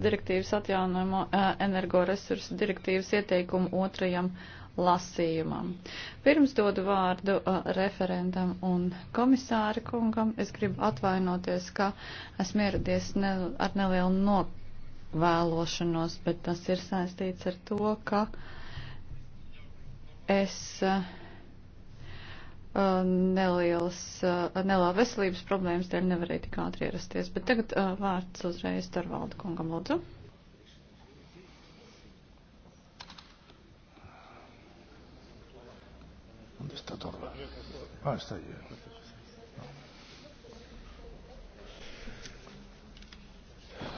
direktīvas atjaunojumu eh, energoresursu direktīvas ieteikumu otrajam lasījumam. Pirms dodu vārdu eh, referentam un komisāri kungam, es gribu atvainoties, ka esmu ieradies ne, ar nelielu novēlošanos, bet tas ir saistīts ar to, ka es. Uh, Uh, nelielas, uh, nelielā veselības problēmas dēļ nevarēja tik ātri ierasties. Bet tagad uh, vārds uzreiz Tarvalda kungam lūdzu. ¿Dónde está Torla? Ah, está ahí.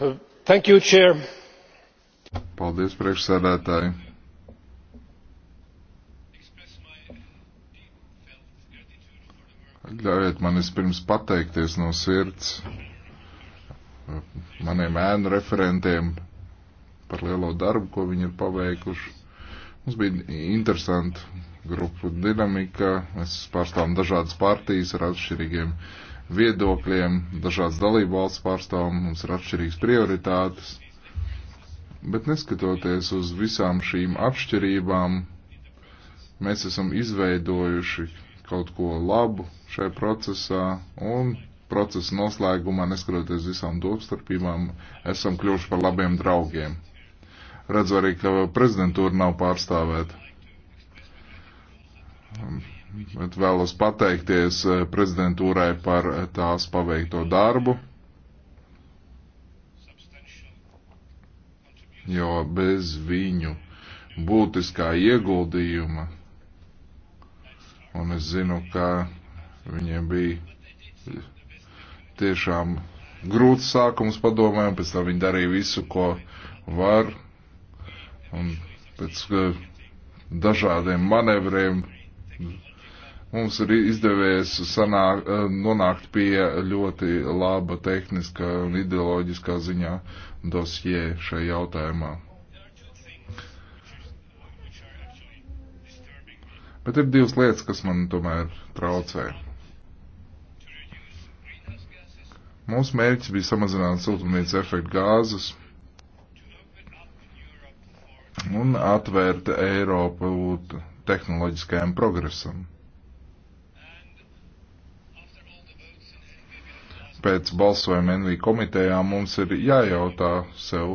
No. Thank you, Chair. Paldies, priekšsēdētāji. Ļaujiet man vispirms pateikties no sirds eh, maniem ēnu referentiem par lielo darbu, ko viņi ir paveikuši. Mums bija interesanti grupu dinamika, mēs pārstāvam dažādas partijas ar atšķirīgiem viedokļiem, dažādas dalību valsts pārstāvam, mums ir atšķirīgas prioritātes. Bet neskatoties uz visām šīm atšķirībām, mēs esam izveidojuši kaut ko labu šai procesā un procesa noslēgumā, neskatoties visām domstarpībām, esam kļuvuši par labiem draugiem. Redzu arī, ka prezidentūra nav pārstāvēta. Bet vēlos pateikties eh, prezidentūrai par eh, tās paveikto darbu, jo bez viņu būtiskā ieguldījuma Un es zinu, ka viņiem bija tiešām grūts sākums padomē, un pēc tam viņi darīja visu, ko var. Un pēc e, dažādiem manevriem mums ir izdevies sanāk, e, nonākt pie ļoti laba tehniskā un ideoloģiskā ziņā dosjē šajā jautājumā. Bet ir divas lietas, kas man tomēr traucē. Mūsu mērķis bija samazināt siltumnīca efektu gāzes un atvērt Eiropu tehnoloģiskajam progresam. Pēc balsojuma NV komitejā mums ir jājautā sev,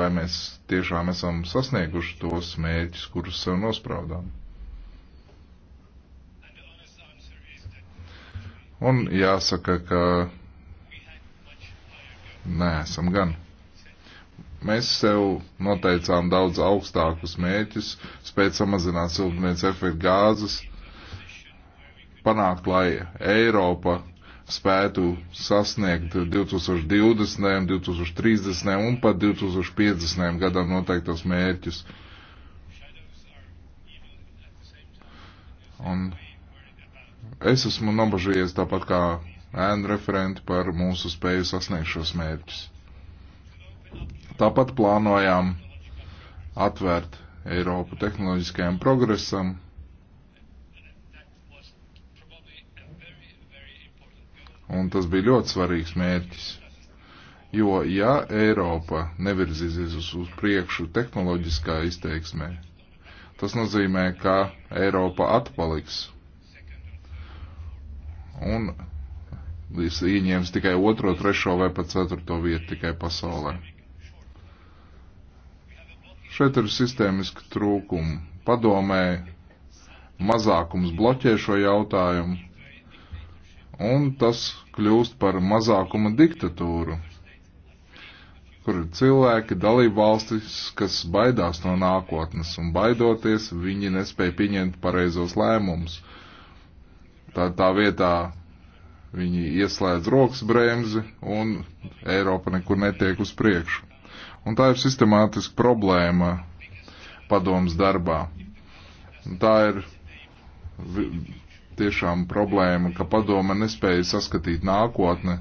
vai mēs tiešām esam sasnieguši tos mērķus, kurus sev nospraudām. Un jāsaka, ka neesam gan. Mēs sev noteicām daudz augstākus mēķus, spēt samazināt siltumnīca efektu gāzes, panākt, lai Eiropa spētu sasniegt 2020, 2030 un pat 2050 gadam noteiktos mērķus. Un Es esmu nobažījies tāpat kā ēnu referenti par mūsu spēju sasniegt šos mērķus. Tāpat plānojām atvērt Eiropu tehnoloģiskajam progresam. Un tas bija ļoti svarīgs mērķis. Jo, ja Eiropa nevirzīsies uz, uz priekšu tehnoloģiskā izteiksmē, tas nozīmē, ka Eiropa atpaliks un ieņēmis tikai otro, trešo vai pat ceturto vietu tikai pasaulē. Šeit ir sistēmiski trūkumi. Padomē mazākums bloķē šo jautājumu, un tas kļūst par mazākuma diktatūru, kur ir cilvēki, dalība valstis, kas baidās no nākotnes, un baidoties viņi nespēja pieņemt pareizos lēmumus Tā, tā vietā viņi ieslēdz rokas bremzi un Eiropa nekur netiek uz priekšu. Un tā ir sistemātiska problēma padomas darbā. Un tā ir tiešām problēma, ka padoma nespēja saskatīt nākotne,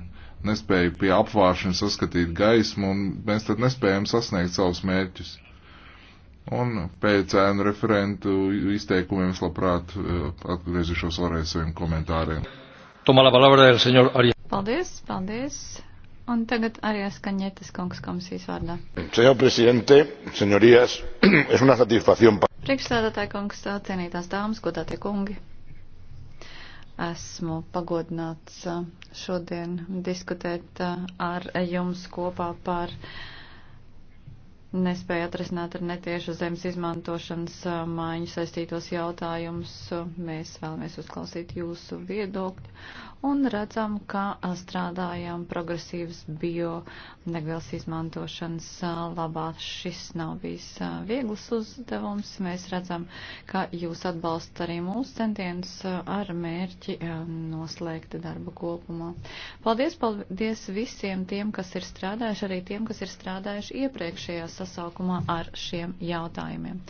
nespēja pie apvāršana saskatīt gaismu, un mēs tad nespējam sasniegt savus mērķus. Un pēc ēnu referentu izteikumiem es labprāt eh, atgriezīšos vēlreiz saviem komentāriem. Paldies, paldies. Un tagad arī Askaņietis kungs komisijas vārdā. Senor prezidente, senjorijas, es una satisfakción. Priekšsēdētāji kungs, cienītās dāmas, godātie kungi. Esmu pagodināts eh, šodien diskutēt eh, ar jums kopā par. Uh, nespēja atrisināt ar netiešu zemes izmantošanas maiņu saistītos jautājumus. Mēs vēlamies uzklausīt jūsu viedokļu un redzam, ka strādājam progresīvas biodegvielas izmantošanas labā. Šis nav bijis viegls uzdevums. Mēs redzam, ka jūs atbalstat arī mūsu centienus ar mērķi noslēgt darbu kopumā. Paldies, paldies visiem tiem, kas ir strādājuši, arī tiem, kas ir strādājuši iepriekšējā sasaukumā ar šiem jautājumiem.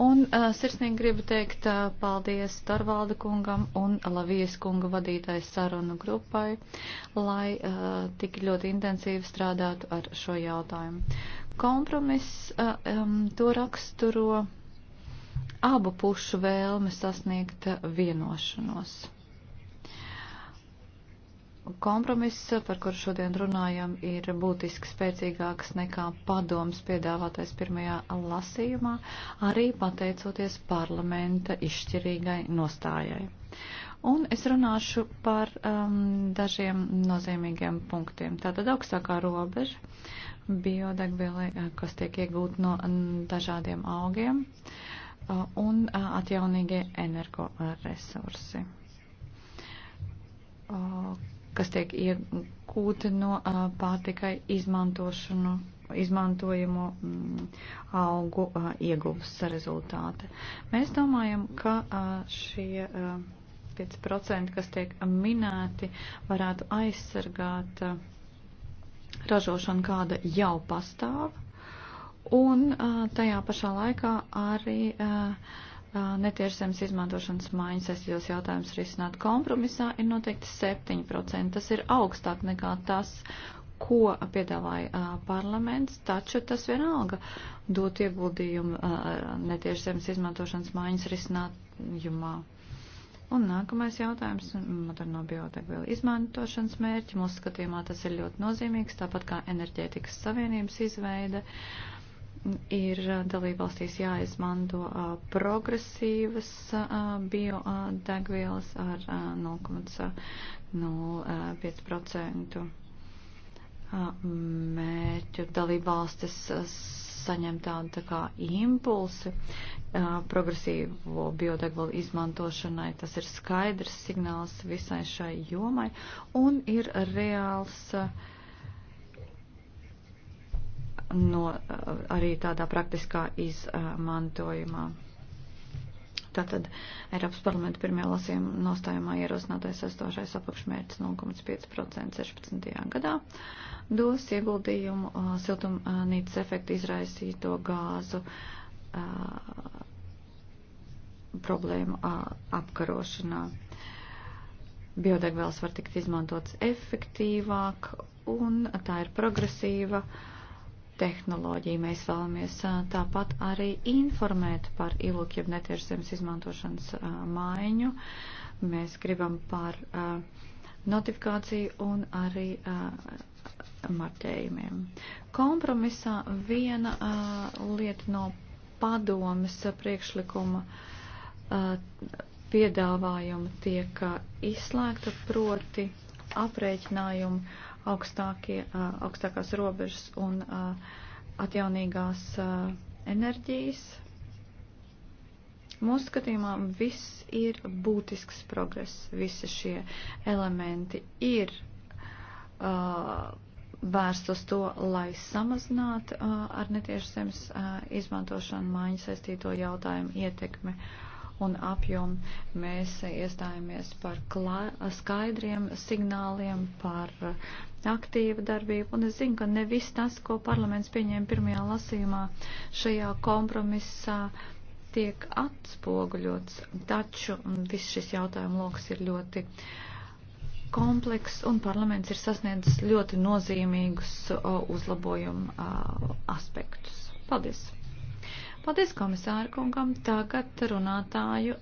Un uh, sirsnīgi gribu teikt uh, paldies Torvalda kungam un Lavijas kunga vadītais sarunai sarunu grupai, lai uh, tik ļoti intensīvi strādātu ar šo jautājumu. Kompromiss uh, um, to raksturo abu pušu vēlme sasniegt eh, vienošanos. Kompromiss, par kuru šodien runājam, ir būtiski spēcīgāks nekā padoms piedāvātais pirmajā lasījumā, arī pateicoties parlamenta izšķirīgai nostājai. Un es runāšu par um, dažiem nozīmīgiem punktiem. Tātad augstākā robeža biodegvielai, eh, kas tiek iegūt no dažādiem augiem, un atjaunīgie energoresursi, kas tiek iegūti no pārtikai izmantošanu izmantojamo augu ieguvas rezultāti. Mēs domājam, ka šie 25%, kas tiek minēti, varētu aizsargāt uh, ražošanu, kāda jau pastāv. Un uh, tajā pašā laikā arī uh, netiešzemes izmantošanas maiņas aizsardzības jautājums risināt kompromisā ir noteikti 7%. Tas ir augstāk nekā tas, ko piedāvāja uh, parlaments, taču tas vienalga dot ieguldījumu uh, netieši zemes izmantošanas mājas risinājumā. Un nākamais jautājums - moderno biotekvielu izmantošanas mērķi. Mūsu skatījumā tas ir ļoti nozīmīgs, tāpat kā enerģētikas savienības izveide. Ir dalībvalstīs jāizmanto progresīvas biodegvielas ar 0,05% mērķu dalībvalstis saņem tādu tā kā impulsi, progresīvo biodegvielu izmantošanai. Tas ir skaidrs signāls visai šai jomai un ir reāls no, arī tādā praktiskā izmantojumā. Tātad Eiropas parlamenta pirmajā lasījuma nostājumā ierosinātais estošais apakšmērķis 0,5% 16. gadā dos ieguldījumu siltumnīcas efektu izraisīto gāzu uh, problēmu apkarošanā. Biodegvielas var tikt izmantotas efektīvāk un tā ir progresīva tehnoloģija. Mēs vēlamies tāpat arī informēt par ilūk, jeb netiešzemes izmantošanas maiņu. Mēs gribam par notifikāciju un arī marķējumiem. Kompromisā viena lieta no padomas priekšlikuma uh, piedāvājuma tiek uh, izslēgta proti aprēķinājumi augstākie, uh, augstākās robežas un atjaunīgās enerģijas. Mūsu skatījumā viss ir būtisks progress, visi šie elementi ir uh, vērsts uz to, lai samazinātu uh, ar netiešu zemes uh, izmantošanu mājiņu saistīto jautājumu ietekmi un apjomu. Mēs iestājāmies par skaidriem signāliem, par aktīvu darbību, un es zinu, ka ne viss tas, ko parlaments pieņēma pirmajā lasījumā šajā kompromisā, tiek atspoguļots, taču viss šis jautājumu lokus ir ļoti uh, komplekss un parlaments ir sasniedzis ļoti nozīmīgus uzlabojumu aspektus. Paldies! Paldies komisāra kungam. Tagad runātāju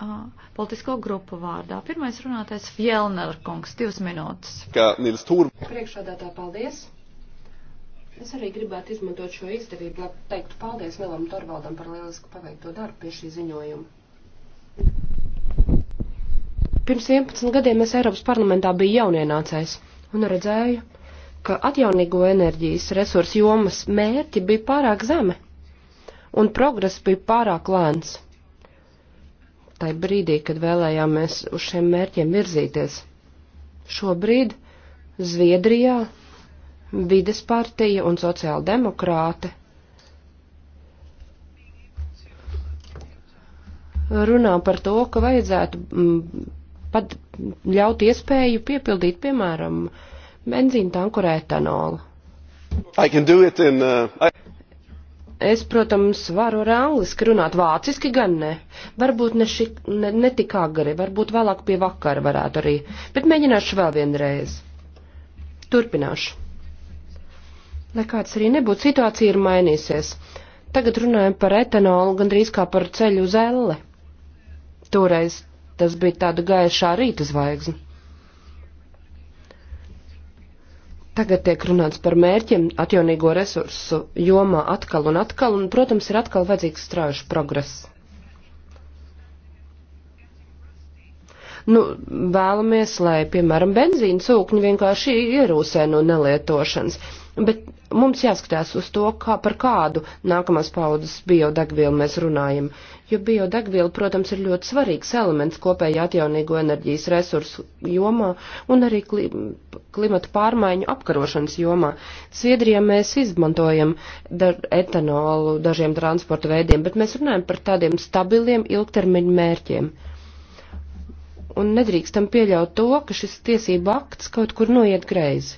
politisko grupu vārdā. Pirmais runātājs Fjellner kungs, divas minūtes. Kā Nils Tūr. Priekšādātā paldies. Es arī gribētu izmantot šo izdevību, lai teiktu paldies Milam Torvaldam par lielisku paveikto darbu pie šī ziņojuma. Pirms 11 gadiem es Eiropas parlamentā biju jaunienācējs un redzēju, ka atjaunīgo enerģijas resursu jomas mērķi bija pārāk zemi un progress bija pārāk lēns. Tai brīdī, kad vēlējāmies uz šiem mērķiem virzīties. Šobrīd Zviedrijā vides partija un sociāla demokrāte runā par to, ka vajadzētu mm, pat ļaut iespēju piepildīt, piemēram, benzīnu tanku ar etanolu. In, uh, I... Es, protams, varu ar angliski runāt, vāciski gan ne. Varbūt ne, ši, ne, ne tik agri, varbūt vēlāk pie vakara varētu arī, bet mēģināšu vēl vienreiz. Turpināšu. Lai kāds arī nebūtu, situācija ir mainīsies. Tagad runājam par etanolu gandrīz kā par ceļu uz elle. Toreiz Tas bija tāda gaišā rīta zvaigzne. Tagad tiek runāts par mērķiem atjaunīgo resursu jomā atkal un atkal, un, protams, ir atkal vajadzīgs strāžu progress. Nu, vēlamies, lai, piemēram, benzīna cūkņi vienkārši ierūsē no nelietošanas. Bet mums jāskatās uz to, kā, par kādu nākamās paudzes biodegvielu mēs runājam. Jo biodegviela, protams, ir ļoti svarīgs elements kopējā atjaunīgo enerģijas resursu jomā un arī kli, klimatu pārmaiņu apkarošanas jomā. Sviedrijā mēs izmantojam dar, etanolu dažiem transporta veidiem, bet mēs runājam par tādiem stabiliem ilgtermiņu mērķiem un nedrīkstam pieļaut to, ka šis tiesība akts kaut kur noiet greizi.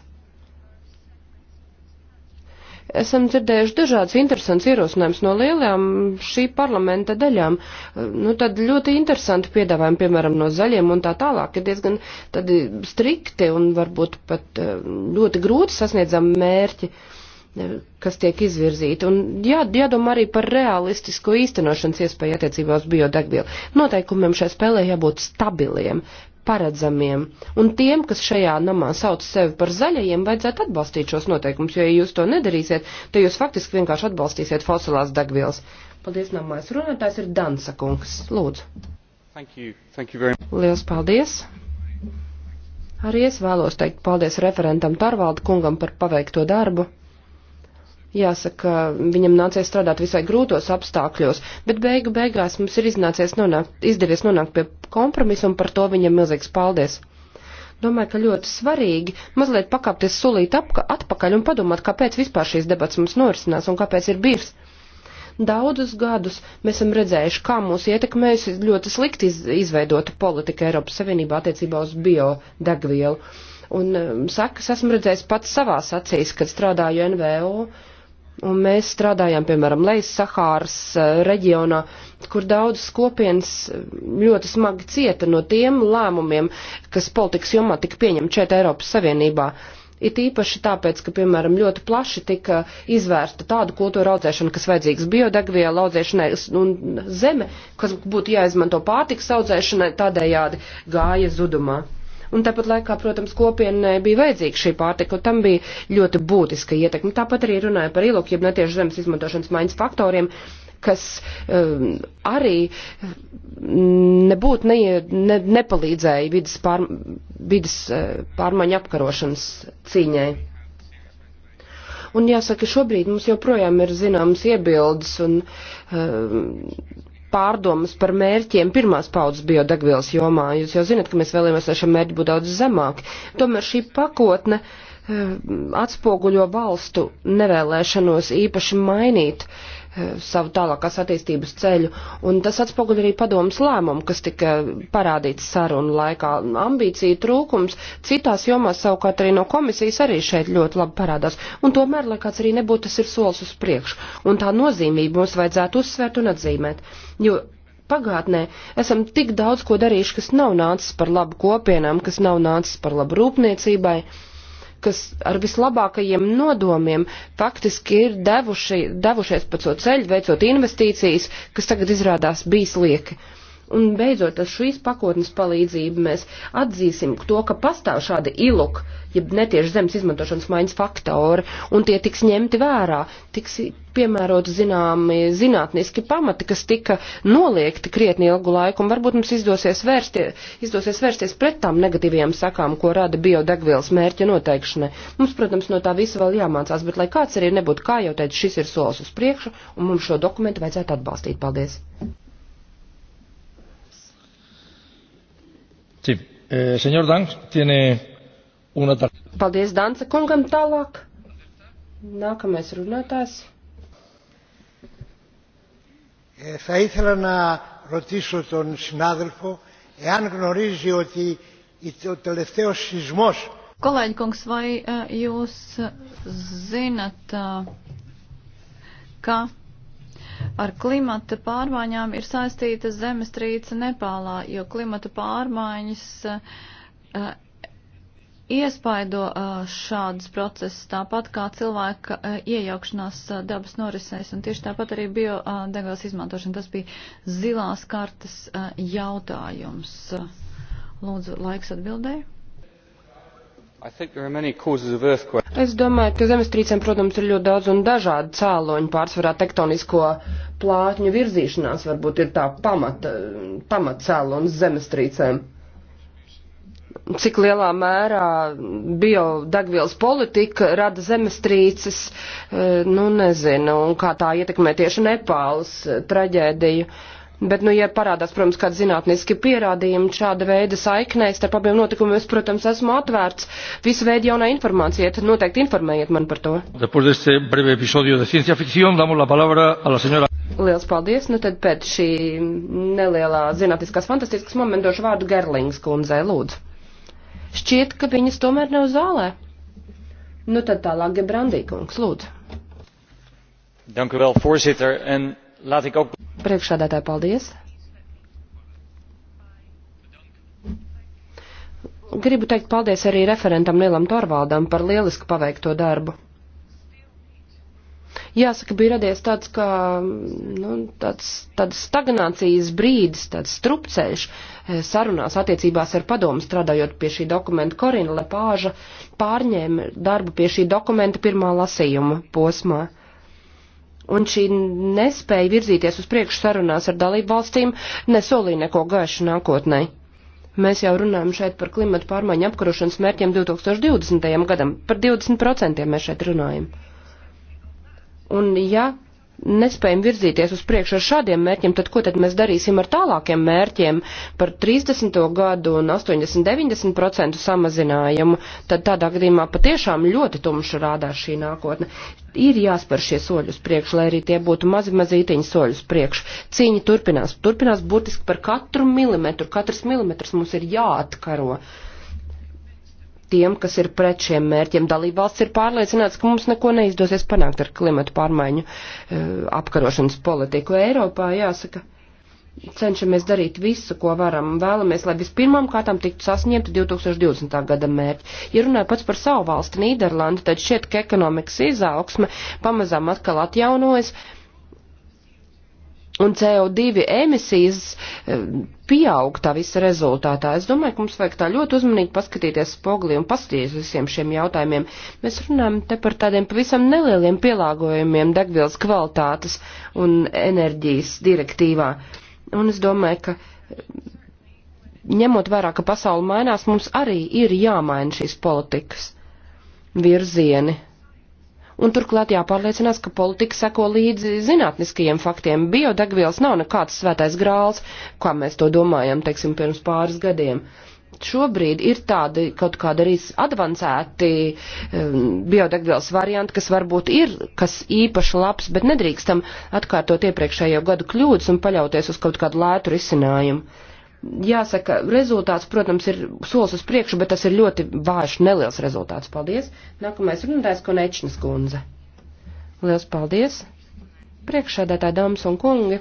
Esam dzirdējuši dažādas interesantas ierosinājumus no lielajām šī parlamenta daļām. Nu, tad ļoti interesanti piedāvājumi, piemēram, no zaļiem un tā tālāk, ir diezgan tad strikti un varbūt pat eh, ļoti grūti sasniedzami mērķi. Uh, kas tiek izvirzīti. Un jā, jādomā arī par realistisko īstenošanas iespēju attiecībā uz biodegvielu. Noteikumiem šai spēlē jābūt stabiliem, paredzamiem. Un tiem, kas šajā namā sauc sevi par zaļajiem, vajadzētu atbalstīt šos noteikumus, jo, ja jūs to nedarīsiet, tad jūs faktiski vienkārši atbalstīsiet fosilās degvielas. Paldies, nākamais runātājs ir Dansa kungs. Lūdzu. Thank you. Thank you very... Liels paldies. Arī es vēlos teikt paldies referentam Tarvalda kungam par paveikto darbu. Jāsaka, viņam nācies strādāt visai grūtos apstākļos, bet beigu beigās mums ir iznācies nonākt, izdevies nonākt pie kompromisa un par to viņam milzīgs paldies. Domāju, ka ļoti svarīgi mazliet pakāpties solīt apka, atpakaļ un padomāt, kāpēc vispār šīs debats mums norisinās un kāpēc ir bijis daudzus gadus mēs esam redzējuši, kā mūs ietekmējusi ļoti slikti izveidota politika Eiropas Savienībā attiecībā uz biodegvielu. Un um, sekas esmu redzējis pats savās acīs, kad strādāju NVO Un mēs strādājām, piemēram, Lejas Sahāras eh, reģionā, kur daudzas kopienas eh, ļoti smagi cieta no tiem lēmumiem, kas politikas jomā tika pieņemti šeit Eiropas Savienībā. It īpaši tāpēc, ka, piemēram, ļoti plaši tika izvērsta tādu kultūra audzēšana, kas vajadzīgs biodegvielu audzēšanai, un zeme, kas būtu jāizmanto pārtiks audzēšanai, tādējādi gāja zudumā un tāpat laikā, protams, kopienai bija vajadzīga šī pārtika, un tam bija ļoti būtiska ietekme. Tāpat arī runāja par ilūku, jeb netieši zemes izmantošanas maiņas faktoriem, kas um, arī mm, nebūtu ne, ne, nepalīdzēja vidas, pār, vidas eh, pārmaiņu apkarošanas cīņai. Un jāsaka, šobrīd mums joprojām ir zināmas iebildes un um, pārdomas par mērķiem pirmās paudzes biodegvielas jomā. Jūs jau zinat, ka mēs vēlamies, lai šie mērķi būtu daudz zemāki. Tomēr šī pakotne eh, atspoguļo valstu nevēlēšanos īpaši mainīt uh, Eh, savu tālākās attīstības ceļu, un tas atspoguļ arī padomas lēmumu, kas tika parādīts sarunu laikā. Ambīcija trūkums citās jomās savukārt arī no komisijas arī šeit ļoti labi parādās, un tomēr, lai kāds arī nebūtu, tas ir solis uz priekšu, un tā nozīmība mums vajadzētu uzsvērt un atzīmēt, jo pagātnē esam tik daudz ko darījuši, kas nav nācis par labu kopienām, kas nav nācis par labu rūpniecībai kas ar vislabākajiem nodomiem faktiski ir devuši, devušies pa šo ceļu, veicot investīcijas, kas tagad izrādās bijis lieki. Uh, Un beidzot, ar šīs pakotnes palīdzību mēs atzīsim to, ka pastāv šādi iluk, ja netieši zemes izmantošanas maiņas faktori, un tie tiks ņemti vērā, tiks piemērot zināmi zinātniski pamati, kas tika noliekti krietni ilgu laiku, un varbūt mums izdosies, vērstie, izdosies vērsties pret tām negatīvajām sakām, ko rada biodegvielas mērķa noteikšana. Mums, protams, no tā visa vēl jāmācās, bet lai kāds arī nebūtu, kā jau teicu, šis ir solis uz priekšu, un mums šo dokumentu vajadzētu atbalstīt. Paldies! Sí. Eh, señor Danks, tiene una Paldies Danca kungam tālāk. Nākamais runātājs. Eh, θα ήθελα να ρωτήσω τον συνάδελφο εάν γνωρίζει ότι ο τελευταίος σεισμός Kolēģi kungs, vai eh, jūs zinat, eh, ka ar klimata pārmaiņām ir saistīta zemestrīce Nepālā, jo klimata pārmaiņas uh, iespaido uh, šādus procesus, tāpat kā cilvēka uh, iejaukšanās uh, dabas norisēs, un tieši tāpat arī biodegvielas uh, izmantošana. Tas bija zilās kartas uh, jautājums. Lūdzu, laiks atbildēju. Es domāju, ka zemestrīcēm, protams, ir ļoti daudz un dažādi cēloņi, pārsvarā tektonisko plātņu virzīšanās varbūt ir tā pamata, pamata cēlonis zemestrīcēm. Cik lielā mērā biodegvielas politika rada zemestrīces, eh, nu nezinu, un kā tā ietekmē tieši Nepāles traģēdiju. Uh, Bet, nu, ja parādās, protams, kādi zinātniski pierādījumi šāda veida saiknēs starp abiem notikumiem, es, protams, esmu atvērts visu veidu jaunai informācijai, tad noteikti informējiet man par to. Liels paldies, nu tad pēc šī nelielā zinātniskās fantastiskas momenta došu vārdu Gerlings kundzei, lūdzu. Šķiet, ka viņas tomēr nav zālē. Nu tad tālāk Gebrandī kungs, lūdzu. Dank u wel, voorzitter. En laat ik ook Priekšādātāji, paldies! Gribu teikt paldies arī referentam Nilam Torvaldam par lielisku paveikto darbu. Jāsaka, bija radies tāds kā, nu, tāds, tāds stagnācijas brīdis, tāds strupceļš eh, sarunās attiecībās ar padomu strādājot pie šī dokumenta. Korina Lepāža pārņēma darbu pie šī dokumenta pirmā lasījuma posmā un šī nespēja virzīties uz priekšu sarunās ar dalību valstīm nesolīja neko gaišu nākotnē. Mēs jau runājam šeit par klimatu pārmaiņu apkarošanas mērķiem 2020. gadam, par 20% mēs šeit runājam. Un ja nespējam virzīties uz priekšu ar šādiem mērķiem, tad ko tad mēs darīsim ar tālākiem mērķiem par 30. gadu un 80-90% samazinājumu, tad tādā gadījumā patiešām ļoti tumša rādās šī nākotne. Ir jāspēr šie soļi uz priekšu, lai arī tie būtu mazi mazītiņi soļi uz priekšu. Cīņa turpinās, turpinās burtiski par katru milimetru, katrs milimetrs mums ir jāatkaro. Uh, tiem, kas ir pret šiem mērķiem. Dalībvalsts ir pārliecināts, ka mums neko neizdosies panākt ar klimatu pārmaiņu eh, apkarošanas politiku Eiropā, jāsaka. Cenšamies darīt visu, ko varam. Vēlamies, lai vispirmām kārtām tiktu sasniegta 2020. gada mērķi. Ja runāju pats par savu valsti, Nīderlandi, tad šķiet, ka ekonomikas izaugsme pamazām atkal atjaunojas. Uh, un CO2 emisijas eh, pieaug tā visa rezultātā. Es domāju, ka mums vajag tā ļoti uzmanīgi paskatīties spogli un paskatīties visiem šiem jautājumiem. Mēs runājam te par tādiem pavisam nelieliem pielāgojumiem degvielas kvalitātes un enerģijas direktīvā. Un es domāju, ka eh, ņemot vērā, ka pasauli mainās, mums arī ir jāmaina šīs politikas virzieni un turklāt jāpārliecinās, ka politika seko līdzi zinātniskajiem faktiem. Biodegvielas nav nekāds svētais grāls, kā mēs to domājam, teiksim, pirms pāris gadiem. Šobrīd ir tādi kaut kādi arī advancēti um, biodegvielas varianti, kas varbūt ir kas īpaši labs, bet nedrīkstam atkārtot iepriekšējo gadu kļūdas un paļauties uz kaut kādu lētu risinājumu jāsaka, rezultāts, protams, ir solis uz priekšu, bet tas ir ļoti vājš, neliels rezultāts. Paldies. Nākamais runātājs Konečnas kundze. Liels paldies. Priekšsēdētāji, dāmas un kungi.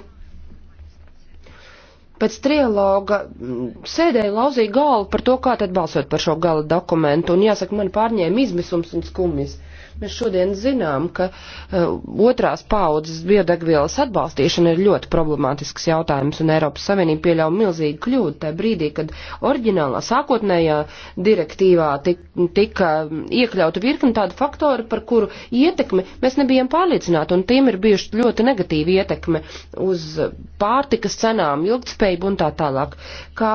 Pēc trialoga mm, sēdēja lauzīja galvu par to, kā tad balsot par šo gala dokumentu, un jāsaka, man pārņēma izmisums un skumjas. Uh, Mēs šodien zinām, ka uh, otrās paudzes biodegvielas atbalstīšana ir ļoti problemātisks jautājums, un Eiropas Savienība pieļauj milzīgu kļūdu tajā brīdī, kad oriģinālā sākotnējā direktīvā tik, tika um, iekļauta virkni tādu faktoru, par kuru ietekmi mēs nebijām pārliecināti, un tiem ir bijuši ļoti negatīvi ietekme uz pārtikas cenām, ilgtspējību un tā tālāk. Kā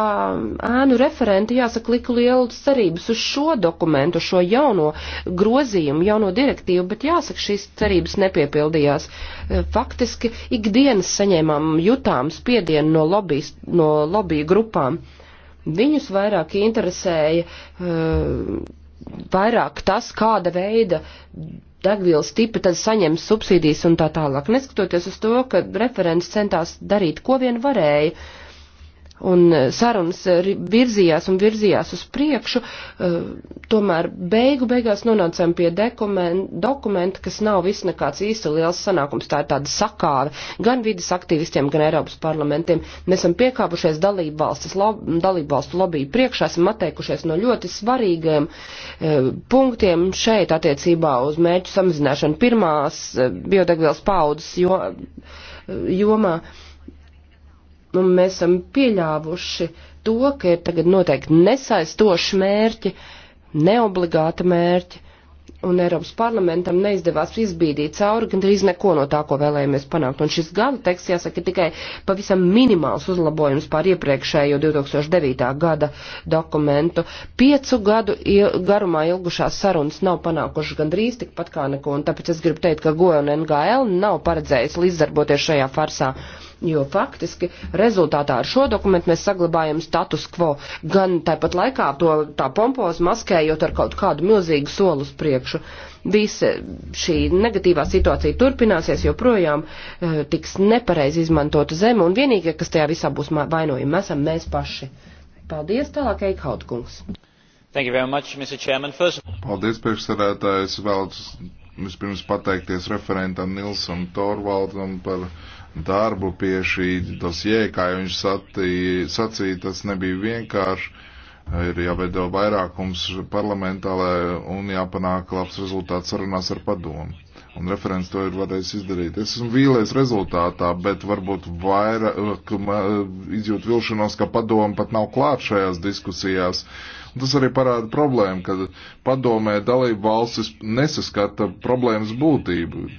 ēnu referenti, jāsaka, liku lielas cerības uz šo dokumentu, šo jauno grozījumu, jauno direktīvu, bet jāsaka, šīs cerības nepiepildījās. E, faktiski ikdienas saņēmām jutām spiedienu no, lobbyis, no lobby grupām. Viņus vairāk interesēja e, vairāk tas, kāda veida degvielas tipi tad saņems subsīdijas un tā tālāk. Neskatoties uz to, ka referents centās darīt, ko vien varēja un e, sarunas e, virzījās un virzījās uz priekšu, e, tomēr beigu beigās nonācām pie dokumenta, dokumenta kas nav viss nekāds īsti liels sanākums. Tā ir tāda sakāve gan vidas aktīvistiem, gan Eiropas parlamentiem. Mēs esam piekāpušies dalību, valstis, lob, dalību valstu lobiju priekšā, esam atteikušies no ļoti svarīgiem punktiem šeit attiecībā uz mērķu samazināšanu pirmās biodegvielas paudzes jo, jomā. Jo, Un nu, mēs esam pieļāvuši to, ka ir tagad noteikti nesaistoši mērķi, neobligāti mērķi, un Eiropas parlamentam neizdevās izbīdīt cauri gandrīz neko no tā, ko vēlējāmies panākt. Un šis gada teksts, jāsaka, ir tikai pavisam minimāls uzlabojums pār iepriekšējo 2009. gada dokumentu. Piecu gadu garumā ilgušās sarunas nav panākušas gandrīz tikpat kā neko, un tāpēc es gribu teikt, ka GOE un NGL nav paredzējis līdzdarboties šajā farsā jo faktiski rezultātā ar šo dokumentu mēs saglabājam status quo, gan tāpat laikā to tā pompos maskējot ar kaut kādu milzīgu solus priekšu. Visa šī negatīvā situācija turpināsies, joprojām uh, tiks nepareiz izmantota zeme, un vienīgie, kas tajā visā būs vainojumi, esam mēs paši. Paldies tālāk, Eikhaut kungs. Much, First... Paldies, priekšsēdētājs. Vēlos vispirms pateikties referentam Nilsam Torvaldam par darbu pie šī dosjē, kā viņš sacīja, tas nebija vienkārši. Ir jāveido vairākums parlamentā un jāpanāk labs rezultāts sarunās ar padomu. Un referents to ir varējis izdarīt. Es esmu vīlies rezultātā, bet varbūt vairāk izjūt vilšanos, ka padoma pat nav klāt šajās diskusijās. Un tas arī parāda problēmu, ka padomē dalību valstis nesaskata problēmas būtību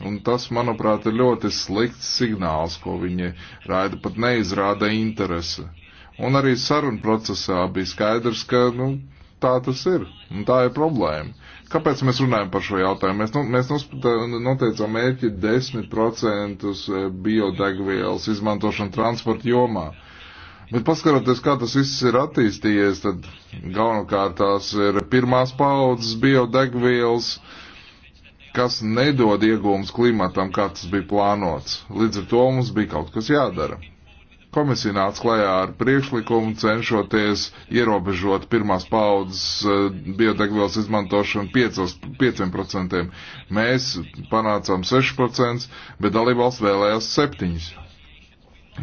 Un tas, manuprāt, ir ļoti slikts signāls, ko viņi raida, pat neizrāda interesi. Un arī sarunu procesā bija skaidrs, ka nu, tā tas ir. Un tā ir problēma. Kāpēc mēs runājam par šo jautājumu? Mēs, nu, mēs noteicām mērķi 10% eh, biodegvielas izmantošanu transporta jomā. Bet paskatoties, kā tas viss ir attīstījies, tad galvenokārt tās ir pirmās paudzes biodegvielas kas nedod iegūmus klimatam, kā tas bija plānots. Līdz ar to mums bija kaut kas jādara. Komisija nāca klajā ar priekšlikumu, cenšoties ierobežot pirmās paudzes eh, biodegvielas izmantošanu 5, 5%. Mēs panācām 6%, bet dalībvalsts vēlējās 7%.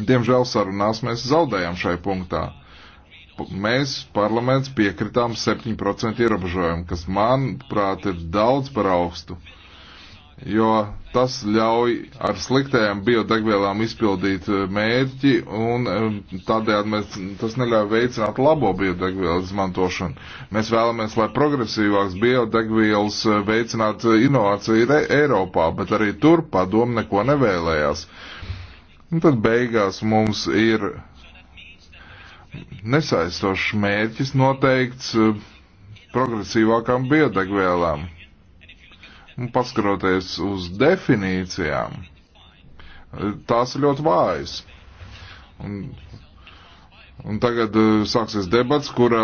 Diemžēl sarunās mēs zaudējām šai punktā mēs parlaments piekritām 7% ierobežojumu, kas, manuprāt, ir daudz par augstu jo tas ļauj ar sliktējām biodegvielām izpildīt eh, mērķi, un eh, tādējādi mēs, tas neļauj veicināt labo biodegvielu izmantošanu. Mēs vēlamies, lai progresīvāks biodegvielas eh, veicinātu inovāciju Eiropā, bet arī tur padomu neko nevēlējās. Un tad beigās mums ir nesaistošs mērķis noteikts progresīvākām biodegvielām Un paskaroties uz definīcijām, tās ir ļoti vājas. Un, un tagad eh, sāksies debats, kurā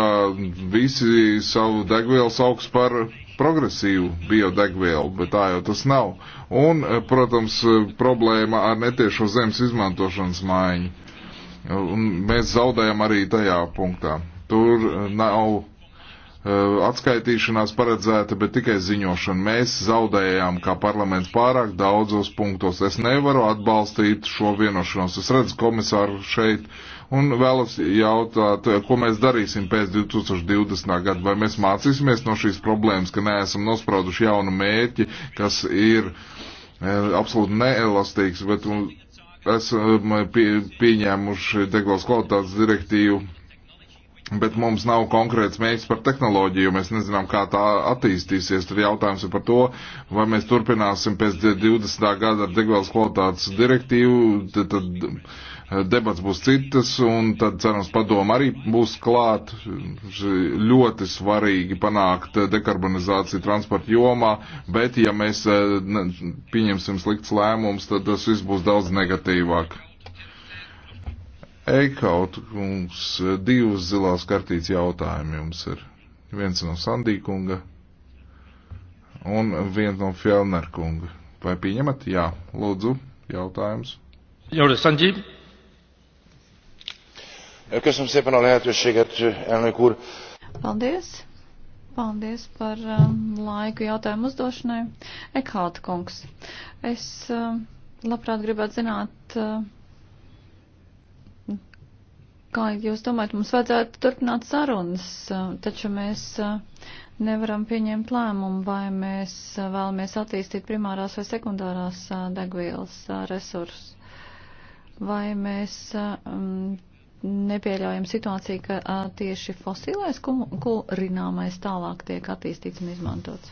visi savu degvielu sauks par progresīvu biodegvielu, bet tā jau tas nav. Un, eh, protams, problēma ar netiešo zemes izmantošanas maiņu. Un mēs zaudējam arī tajā punktā. Tur eh, nav Eh, atskaitīšanās paredzēta, bet tikai ziņošana. Mēs zaudējām kā parlaments pārāk daudzos punktos. Es nevaru atbalstīt šo vienošanos. Es redzu komisāru šeit un vēlos jautāt, eh, ko mēs darīsim pēc 2020. gada. Vai mēs mācīsimies no šīs problēmas, ka neesam nosprauduši jaunu mērķi, kas ir eh, absolūti neelastīgs, bet um, esam pieņēmuši degvielas kvalitātes direktīvu bet mums nav konkrēts mērķis par tehnoloģiju, mēs nezinām, kā tā attīstīsies. Tad jautājums ir par to, vai mēs turpināsim pēc 20. gada ar degvielas kvalitātes direktīvu, tad, tad eh, debats būs citas, un tad, cerams, padoma arī būs klāt. Ļoti svarīgi panākt eh, dekarbonizāciju transporta jomā, bet ja mēs eh, pieņemsim slikts lēmums, tad tas viss būs daudz negatīvāk. Eikaut kungs, divas zilās kartītes jautājumi jums ir. Viens no Sandīkunga un viens no Fjellner kunga. Vai pieņemat? Jā, lūdzu, jautājums. Jaurie Sandī. Köszönöm szépen a lehetőséget, elnök úr. Paldies. Paldies par um, laiku jautājumu uzdošanai. Ekhāta kungs, es uh, labprāt gribētu zināt, uh, Kā jūs domājat, mums vajadzētu turpināt sarunas, eh, taču mēs eh, nevaram pieņemt lēmumu, vai mēs eh, vēlamies attīstīt primārās vai sekundārās degvielas resursus. Vai mēs nepieļaujam situāciju, ka tieši fosilais kurināmais tālāk tiek attīstīts un izmantots?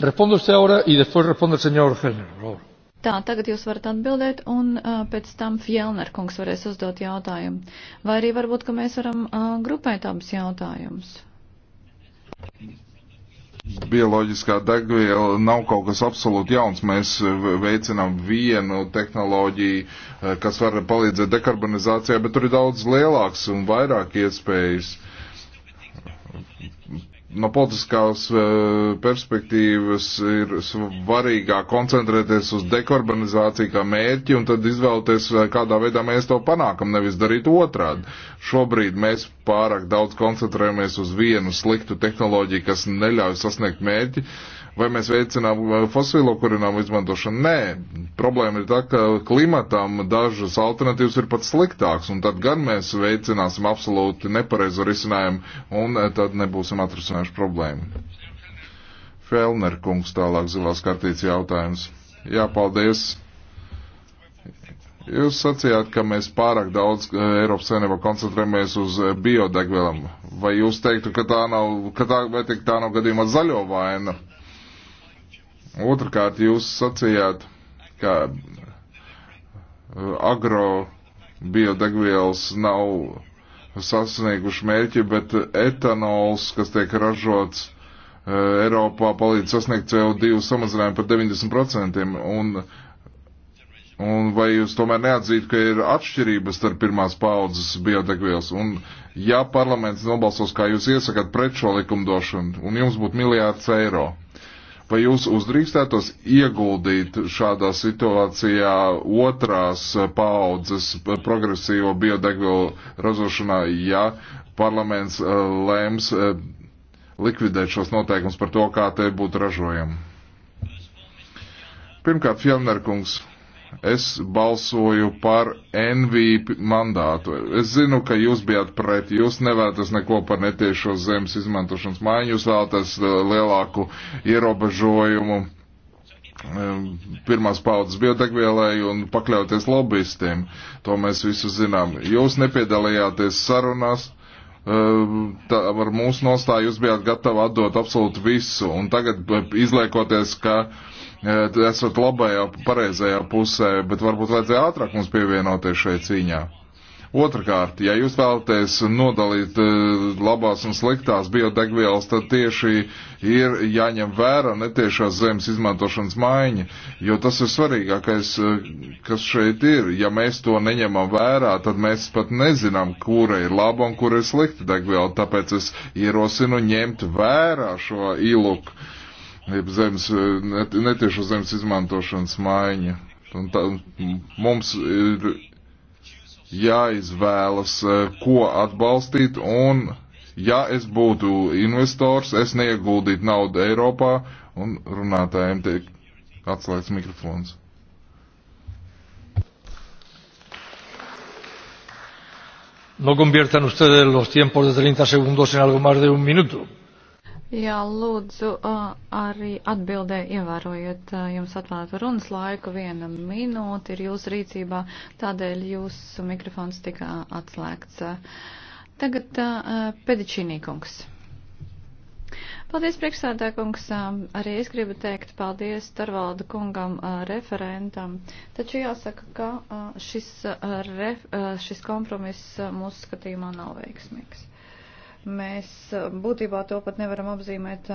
Respóndose ahora y después responde el señor Helmer, por favor. Tā, tagad jūs varat atbildēt, un uh, pēc tam Fjellner kungs varēs uzdot jautājumu. Vai arī varbūt, ka mēs varam uh, grupēt abus jautājumus? Bioloģiskā degviela nav kaut kas absolūti jauns. Mēs veicinām vienu tehnoloģiju, kas var palīdzēt dekarbonizācijā, bet tur ir daudz lielāks un vairāk iespējas no politiskās eh, perspektīvas ir svarīgāk koncentrēties uz dekarbonizāciju kā mērķi un tad izvēlēties, eh, kādā veidā mēs to panākam, nevis darīt otrādi. Šobrīd mēs pārāk daudz koncentrējamies uz vienu sliktu tehnoloģiju, kas neļauj sasniegt mērķi, Vai mēs veicinām fosilo kurināmu izmantošanu? Nē, problēma ir tā, ka klimatam dažas alternatīvas ir pat sliktāks, un tad gan mēs veicināsim absolūti nepareizu risinājumu, un eh, tad nebūsim atrisinājuši problēmu. Felner kungs tālāk zilās kartīts jautājums. Jā, paldies. Jūs sacījāt, ka mēs pārāk daudz eh, Eiropas Savienībā koncentrējamies uz eh, biodegvielām. Vai jūs teiktu, ka tā nav, ka tā, vai tik tā nav gadījumā zaļo vaina? Otrakārt, jūs sacījāt, ka uh, agro biodegvielas nav sasnieguši mērķi, bet etanols, kas tiek ražots uh, Eiropā, palīdz sasniegt CO2 samazinājumu par 90%. Un, un vai jūs tomēr neatzītu, ka ir atšķirības starp pirmās paudzes biodegvielas? Un ja parlaments nobalsos, kā jūs iesakāt, pret šo likumdošanu, un jums būtu miljārds eiro, Vai jūs uzdrīkstētos ieguldīt šādā situācijā otrās paaudzes progresīvo biodegvielu ražošanā, ja parlaments eh, lēms eh, likvidēt šos noteikumus par to, kā te būtu ražojami? Pirmkārt, Fjellnerkungs es balsoju par NV mandātu. Es zinu, ka jūs bijāt pret, jūs nevēlaties neko par netiešo zemes izmantošanas mājiņu, jūs vēlaties uh, lielāku ierobežojumu um, pirmās paudzes biodegvielai un pakļauties lobbyistiem. To mēs visu zinām. Jūs nepiedalījāties sarunās um, tā, ar mūsu nostāju, jūs bijāt gatavi atdot absolūti visu, un tagad uh, izliekoties, ka uh, esat labajā, pareizajā pusē, bet varbūt vajadzēja ātrāk mums pievienoties šai cīņā. Otrakārt, ja jūs vēlaties nodalīt eh, labās un sliktās biodegvielas, tad tieši ir jāņem vērā netiešās zemes izmantošanas maiņa, jo tas ir svarīgākais, eh, kas šeit ir. Ja mēs to neņemam vērā, tad mēs pat nezinām, kura ir laba un kura ir slikta degviela, tāpēc es ierosinu ņemt vērā šo iluku zemes, e, net, netiešu zemes izmantošanas maiņa. Un tā, mums ir jāizvēlas, e, ko atbalstīt, un ja es būtu investors, es neieguldītu naudu Eiropā, un runātājiem tiek atslēgts mikrofons. No conviertan ustedes los tiempos de 30 segundos en algo más de un minuto. Jā, lūdzu, arī atbildē ievērojiet jums atvēlēto runas laiku. Viena minūte ir jūsu rīcībā, tādēļ jūsu mikrofons tika atslēgts. Tagad pedičīnī kungs. Paldies, priekšsēdā kungs. Arī es gribu teikt paldies Tarvalda kungam, referentam. Taču jāsaka, ka šis, ref, šis kompromiss mūsu skatījumā nav veiksmīgs. Mēs būtībā to pat nevaram apzīmēt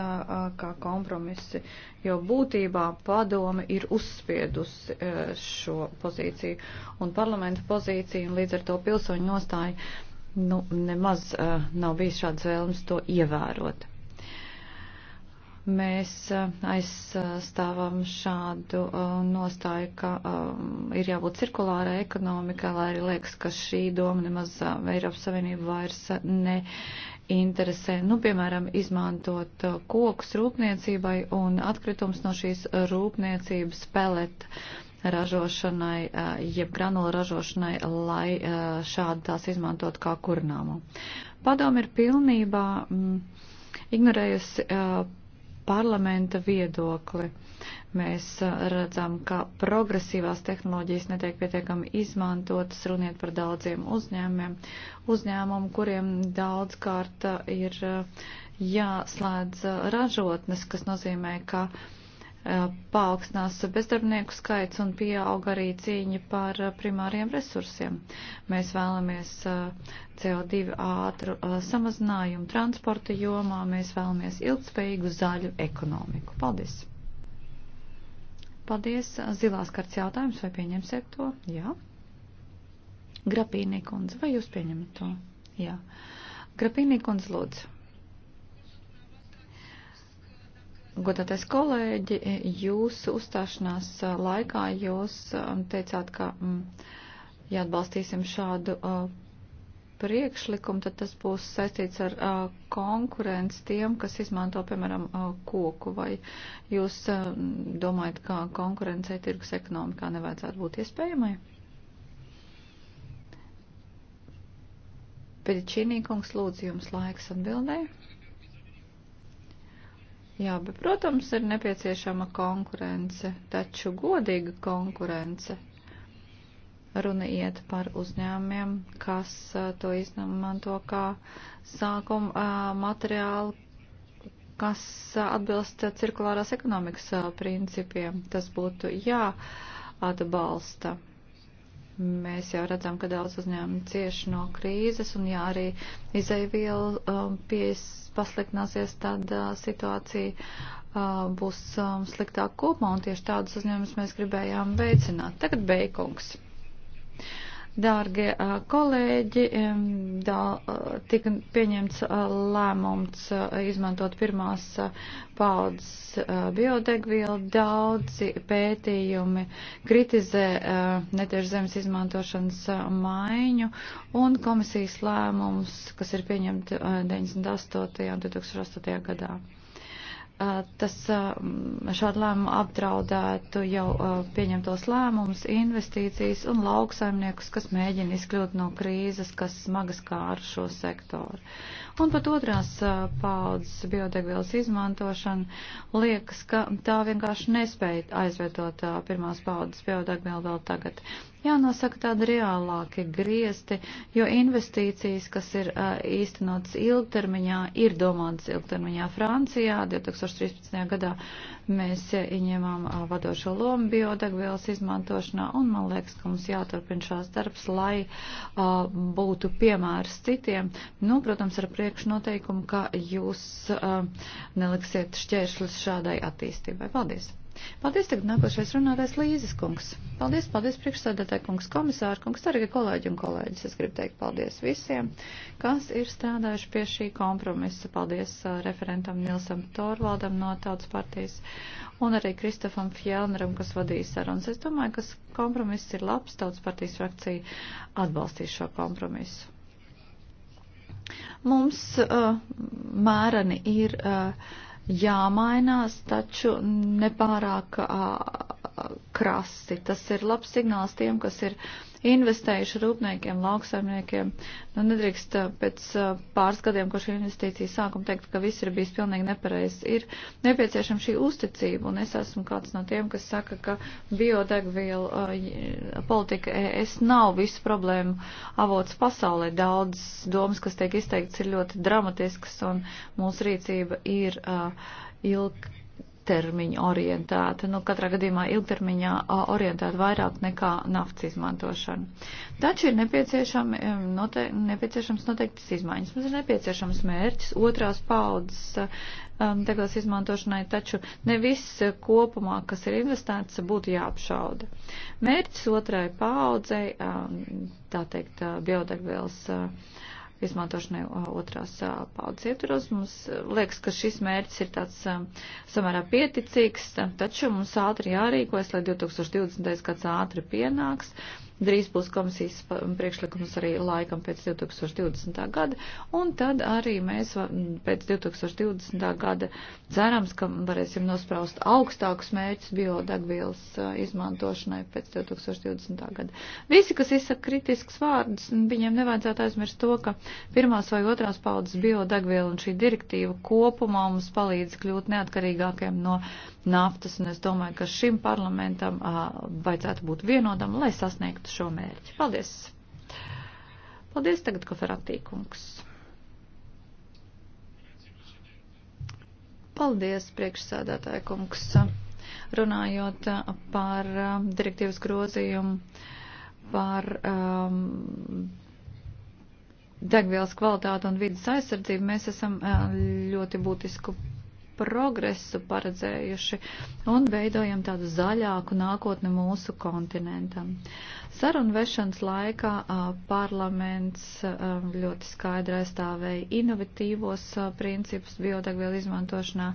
kā kompromisi, jo būtībā padome ir uzspiedusi šo pozīciju un parlamenta pozīciju un līdz ar to pilsoņu nostāju nu, nemaz nav bijis šāds vēlms to ievērot mēs aizstāvam šādu nostāju, ka ir jābūt cirkulārai ekonomikai, lai arī liekas, ka šī doma nemaz Eiropas Savienība vairs ne interesē, nu, piemēram, izmantot kokus rūpniecībai un atkritums no šīs rūpniecības pelet ražošanai, eh, jeb granula ražošanai, lai eh, šādi tās izmantot kā kurināmo. Padomi ir pilnībā mm, ignorējusi eh, parlamenta viedokli. Mēs redzam, ka progresīvās tehnoloģijas netiek pietiekami izmantotas, runiet par daudziem uzņēmumiem, uzņēmumu, kuriem daudzkārt ir jāslēdz ražotnes, kas nozīmē, ka uh, Eh, paaugstinās bezdarbnieku skaits un pieauga arī cīņa par eh, primāriem resursiem. Mēs vēlamies eh, CO2 ātru samazinājumu transporta jomā, mēs vēlamies ilgspējīgu zaļu ekonomiku. Paldies! Paldies! Zilās karts jautājums, vai pieņemsiet to? Jā. Grapīnī kundze, vai jūs pieņemat to? Jā. Grapīnī kundze, lūdzu. Godātais kolēģi, jūsu uzstāšanās laikā jūs teicāt, ka mm, ja atbalstīsim šādu priekšlikumu, tad tas būs saistīts ar konkurenci tiem, kas izmanto, piemēram, koku. Vai jūs domājat, ka konkurencei tirgus ekonomikā nevajadzētu būt iespējamai? Pēdiķīnī kungs lūdzu jums laiks atbildēju. Jā, bet, protams, ir nepieciešama konkurence, taču godīga konkurence. Runa iet par uzņēmumiem, kas to izmanto kā sākuma materiālu, kas atbilst cirkulārās ekonomikas principiem. Tas būtu jāatbalsta. Mēs jau redzam, ka daudz uzņēmumi cieši no krīzes, un ja arī izaivielu um, pieejas pasliktināsies, tad uh, situācija uh, būs um, sliktāk kopumā, un tieši tādus uzņēmumus mēs gribējām veicināt. Tagad beigungs. Uh, Dārgie kolēģi, dā, tika pieņemts lēmums izmantot pirmās paudzes biodegvielu. Daudzi pētījumi kritizē netieši zemes izmantošanas maiņu un komisijas lēmums, kas ir pieņemta 98. un 2008. gadā. Uh, tas uh, šādu lēmumu apdraudētu jau uh, pieņemtos lēmumus, investīcijas un lauksaimniekus, kas mēģina izkļūt no krīzes, kas smagas kāra šo sektoru. Un pat otrās paudzes biodegvielas izmantošana liekas, ka tā vienkārši nespēja aizvietot pirmās paudzes biodegvielu vēl tagad. Jānosaka tādi reālāki griesti, jo investīcijas, kas ir īstenotas ilgtermiņā, ir domātas ilgtermiņā Francijā. 2013. gadā mēs ieņēmām vadošo lomu biodegvielas izmantošanā, un man liekas, ka mums jāturpina šās darbs, lai būtu piemērs citiem. Nu, protams, ar prieku priekšnoteikumu, ka jūs uh, neliksiet šķēršļus šādai attīstībai. Paldies! Paldies, tagad nākošais runātais Līzes kungs. Paldies, paldies, priekšsēdētāji kungs, komisāri kungs, arī kolēģi un kolēģis. Es gribu teikt paldies visiem, kas ir strādājuši pie šī kompromisa. Paldies uh, referentam Nilsam Torvaldam no Tautas partijas un arī Kristofam Fjellneram, kas vadīja sarunas. Es domāju, ka kompromiss ir labs, Tautas partijas frakcija atbalstīs šo kompromisu. Mums uh, mērani ir uh, jāmainās, taču nepārāk uh, krasi. Tas ir labs signāls tiem, kas ir uh, investējuši rūpniekiem, lauksaimniekiem. Nu, nedrīkst uh, pēc uh, pāris gadiem, ko šī investīcija sākuma teikt, ka viss ir bijis pilnīgi nepareizs. Ir nepieciešama šī uzticība, un es esmu kāds no tiem, kas saka, ka biodegvielu uh, politika es nav visu problēmu avots pasaulē. Daudz domas, kas tiek izteikts, ir ļoti dramatisks, un mūsu rīcība ir ilg ilgtermiņa orientēta, nu katrā gadījumā ilgtermiņā orientēta vairāk nekā naftas izmantošana. Taču ir nepieciešami, note, nepieciešams noteiktas izmaiņas. Mums ir nepieciešams mērķis otrās paudzes um, degvielas izmantošanai, taču ne viss kopumā, kas ir investēts, būtu jāapšauda. Mērķis otrai paudzei, um, tā teikt, biodegvielas. Uh, izmantošanai otrās paudzes ietvaros. Mums liekas, ka šis mērķis ir tāds samērā pieticīgs, taču mums ātri jārīkojas, lai 2020. gads ātri pienāks drīz būs komisijas priekšlikums arī laikam pēc 2020. gada, un tad arī mēs pēc 2020. gada cerams, ka varēsim nospraust augstākus mērķus biodegvielas izmantošanai pēc 2020. gada. Visi, kas izsaka kritisks vārdus, viņiem nevajadzētu aizmirst to, ka pirmās vai otrās paudzes biodegviela un šī direktīva kopumā mums palīdz kļūt neatkarīgākiem no naftas, un es domāju, ka šim parlamentam a, vajadzētu būt vienotam, lai sasniegtu sasniegt šo mērķi. Paldies! Paldies tagad, Koferatī kungs! Paldies, priekšsēdētāja kungs! Runājot par um, direktīvas grozījumu par um, degvielas kvalitāti un vidas aizsardzību, mēs esam uh, ļoti būtisku progresu paredzējuši un veidojam tādu zaļāku nākotni mūsu kontinentam. Sarunu vešanas laikā parlaments ļoti skaidri aizstāvēja inovatīvos principus biodegvielu izmantošanā.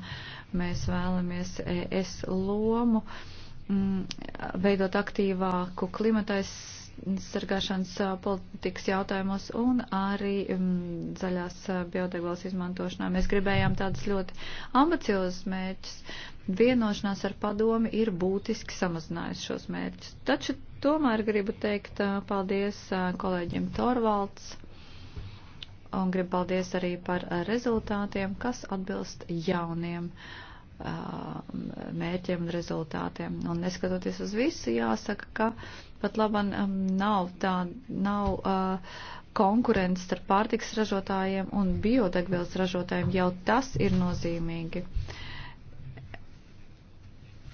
Mēs vēlamies ES lomu veidot aktīvāku klimatais sargāšanas politikas jautājumos un arī um, zaļās biodegvielas izmantošanā. Mēs gribējām tādas ļoti ambiciozas mērķus. Vienošanās ar padomi ir būtiski samazinājusi šos mērķus. Taču tomēr gribu teikt paldies kolēģim Torvalds un gribu paldies arī par rezultātiem, kas atbilst jauniem. Uh, Uh, mērķiem un rezultātiem. Un neskatoties uz visu, jāsaka, ka pat laban um, nav tā, nav uh, konkurence starp pārtiks ražotājiem un biodegvielas ražotājiem. Jau tas ir nozīmīgi.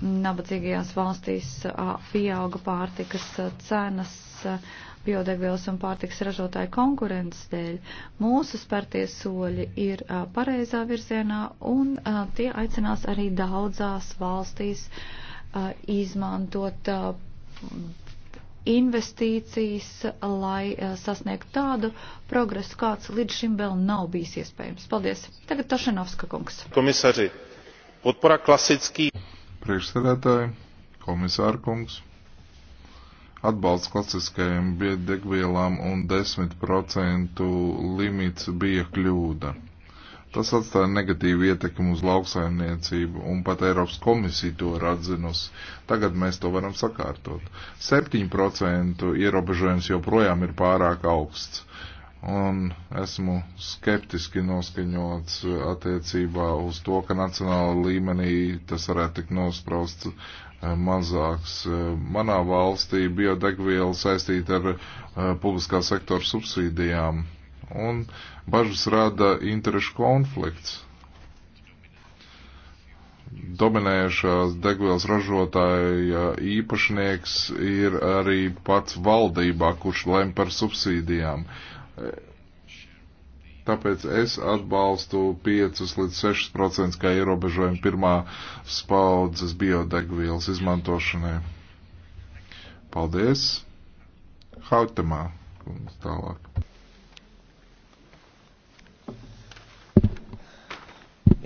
Nabadzīgajās valstīs uh, pieauga pārtikas uh, cenas. Uh, biodegvielas un pārtiks ražotāju konkurences dēļ. Mūsu spērtie soļi ir pareizā virzienā un tie aicinās arī daudzās valstīs izmantot investīcijas, lai sasniegtu tādu progresu, kāds līdz šim vēl nav bijis iespējams. Paldies. Tagad Tošenovska kungs. Komisāri, podpora klasiskī. Priekšsēdētāji, komisāra kungs atbalsts klasiskajiem biodegvielām un 10% limits bija kļūda. Tas atstāja negatīvu ietekmi uz lauksaimniecību, un pat Eiropas komisija to ir atzinusi. Tagad mēs to varam sakārtot. 7% ierobežojums joprojām ir pārāk augsts, un esmu skeptiski noskaņots attiecībā uz to, ka nacionāla līmenī tas varētu tik nosprausts Eh, mazāks. Eh, manā valstī biodegviela saistīta ar eh, publiskā sektora subsīdijām, un bažas rada interešu konflikts. Dominējušās degvielas ražotāja īpašnieks ir arī pats valdībā, kurš lem par subsīdijām. Tāpēc es atbalstu 5 līdz 6% kā ierobežojumu pirmā spaudzes biodegvielas izmantošanai. Paldies! Hautemā tālāk.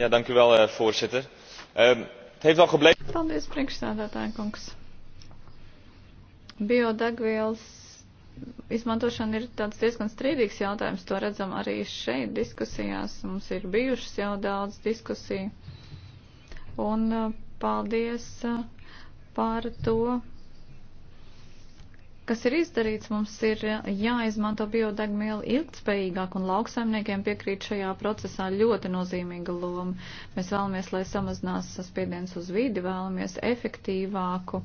Ja, dank u wel, eh, voorzitter. Um, het heeft al gebleken. Paldies, priekšstādātāja kungs. Biodegvielas izmantošana ir tāds diezgan strīdīgs jautājums. To redzam arī šeit diskusijās. Mums ir bijušas jau daudz diskusiju. Un uh, paldies uh, par to, kas ir izdarīts, mums ir jāizmanto biodegviela ilgtspējīgāk, un lauksaimniekiem piekrīt šajā procesā ļoti nozīmīga loma. Mēs vēlamies, lai samazinās spiediens uz vidi, vēlamies efektīvāku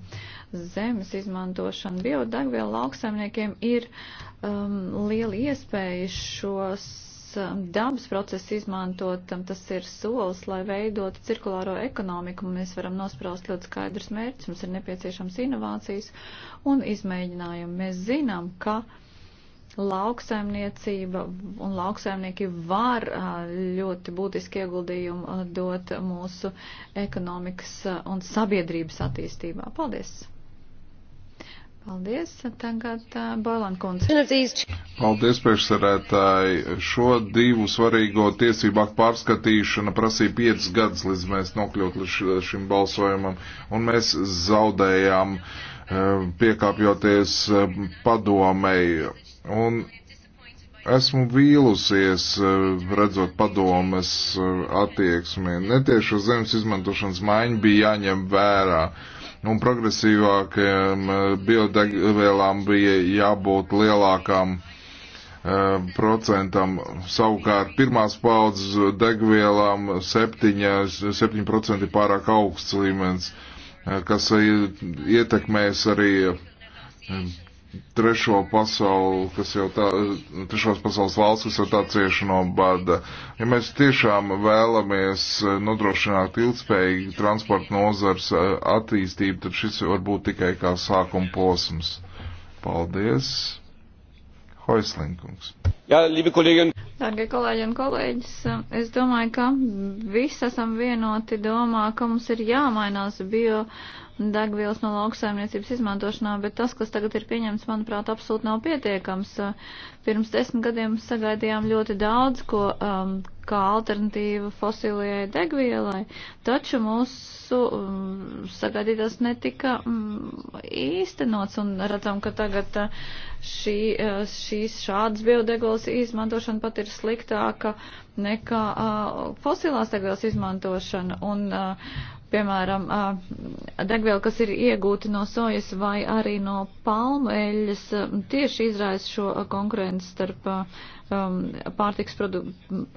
zemes izmantošanu. Biodegviela lauksaimniekiem ir um, liela iespēja šos Um, dabas procesu izmantot, um, tas ir solis, lai veidotu cirkulāro ekonomiku. Mēs varam nospraust ļoti skaidrs mērķus, mums ir nepieciešams inovācijas un izmēģinājumi. Mēs zinām, ka lauksaimniecība un lauksaimnieki var uh, ļoti būtiski ieguldījumu uh, dot mūsu ekonomikas uh, un sabiedrības attīstībā. Paldies! Paldies. Tagad uh, Boilankundze. Paldies, priekšsarētāji. Šo divu svarīgo tiesību aktu pārskatīšana prasīja 5 gadus, līdz mēs nokļūtu līdz šim balsojumam, un mēs zaudējām piekāpjoties padomei. Un esmu vīlusies, redzot padomes attieksmi. Netiešo zemes izmantošanas maiņu bija jāņem vērā. Uh, un progresīvākajām eh, biodegvielām bija jābūt lielākām eh, procentam. Savukārt pirmās paudzes degvielām 7%, 7 ir pārāk augsts līmenis, eh, kas ietekmēs arī trešo pasauli, kas jau tā, trešos pasaules valsts, kas jau tā cieši no bada. Ja mēs tiešām vēlamies eh, nodrošināt ilgspējīgu transporta nozars eh, attīstību, tad šis var būt tikai kā sākuma posms. Paldies! Hoislinkums. Jā, liebe kolēģi. Dārgie kolēģi un kolēģis, es domāju, ka visi esam vienoti domā, ka mums ir jāmainās bio degvielas no lauksaimniecības izmantošanā, bet tas, kas tagad ir pieņemts, manuprāt, absolūti nav pietiekams. Uh, pirms desmit gadiem sagaidījām ļoti daudz, ko um, kā alternatīva fosilijai degvielai, taču mūsu um, sagaidītās netika um, īstenots un redzam, ka tagad uh, šī, uh, šīs šādas biodegvielas izmantošana pat ir sliktāka nekā uh, fosilās degvielas izmantošana. Un, uh, piemēram, degviela, kas ir iegūta no sojas vai arī no palmeļas, tieši izraisa šo konkurenci starp pārtiks,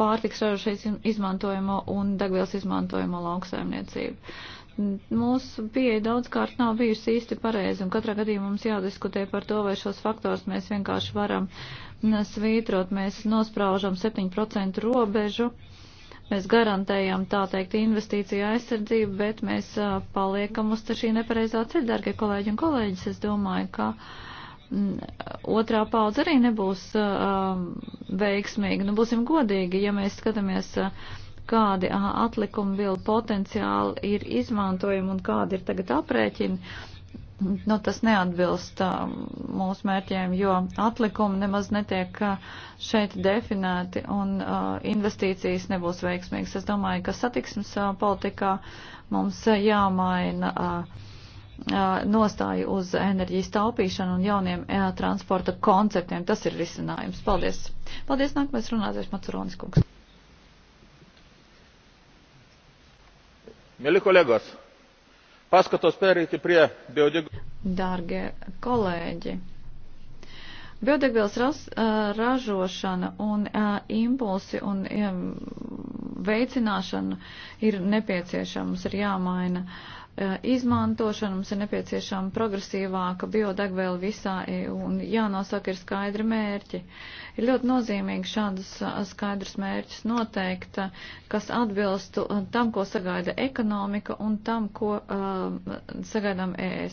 pārtiks ražošais izmantojamo un degvielas izmantojamo lauksaimniecību. Mūsu pieeja daudzkārt nav bijusi īsti pareiza, un katrā gadījumā mums jādiskutē par to, vai šos faktors mēs vienkārši varam svītrot. Mēs nospraužam 7% robežu, Mēs garantējam, tā teikt, investīciju aizsardzību, bet mēs paliekam uz šī nepareizā ceļa, darbie kolēģi un kolēģis. Es domāju, ka otrā paudze arī nebūs veiksmīga. Nu, būsim godīgi, ja mēs skatāmies kādi atlikumi vēl potenciāli ir izmantojami un kādi ir tagad aprēķini, nu, tas neatbilst uh, mūsu mērķiem, jo atlikumi nemaz netiek uh, šeit definēti un uh, investīcijas nebūs veiksmīgas. Es domāju, ka satiksmes uh, politikā mums uh, jāmaina uh, uh, nostāju uz enerģijas taupīšanu un jauniem uh, transporta konceptiem. Tas ir risinājums. Paldies. Paldies. Nākamais runātais Macaronis Kungs. Mili kolegos, paskatos perēti pie biodegvielas. Dārgie kolēģi, biodegvielas ras, ražošana un impulsi un veicināšana ir nepieciešams, ir jāmaina. Uh, Eh, izmantošanu, mums ir nepieciešama progresīvāka biodegviela visā EU un jānosaka ir skaidri mērķi. Ir ļoti nozīmīgi šādus eh, skaidrus mērķus noteikt, eh, kas atbilstu tam, ko sagaida ekonomika un tam, ko uh, sagaidām ES.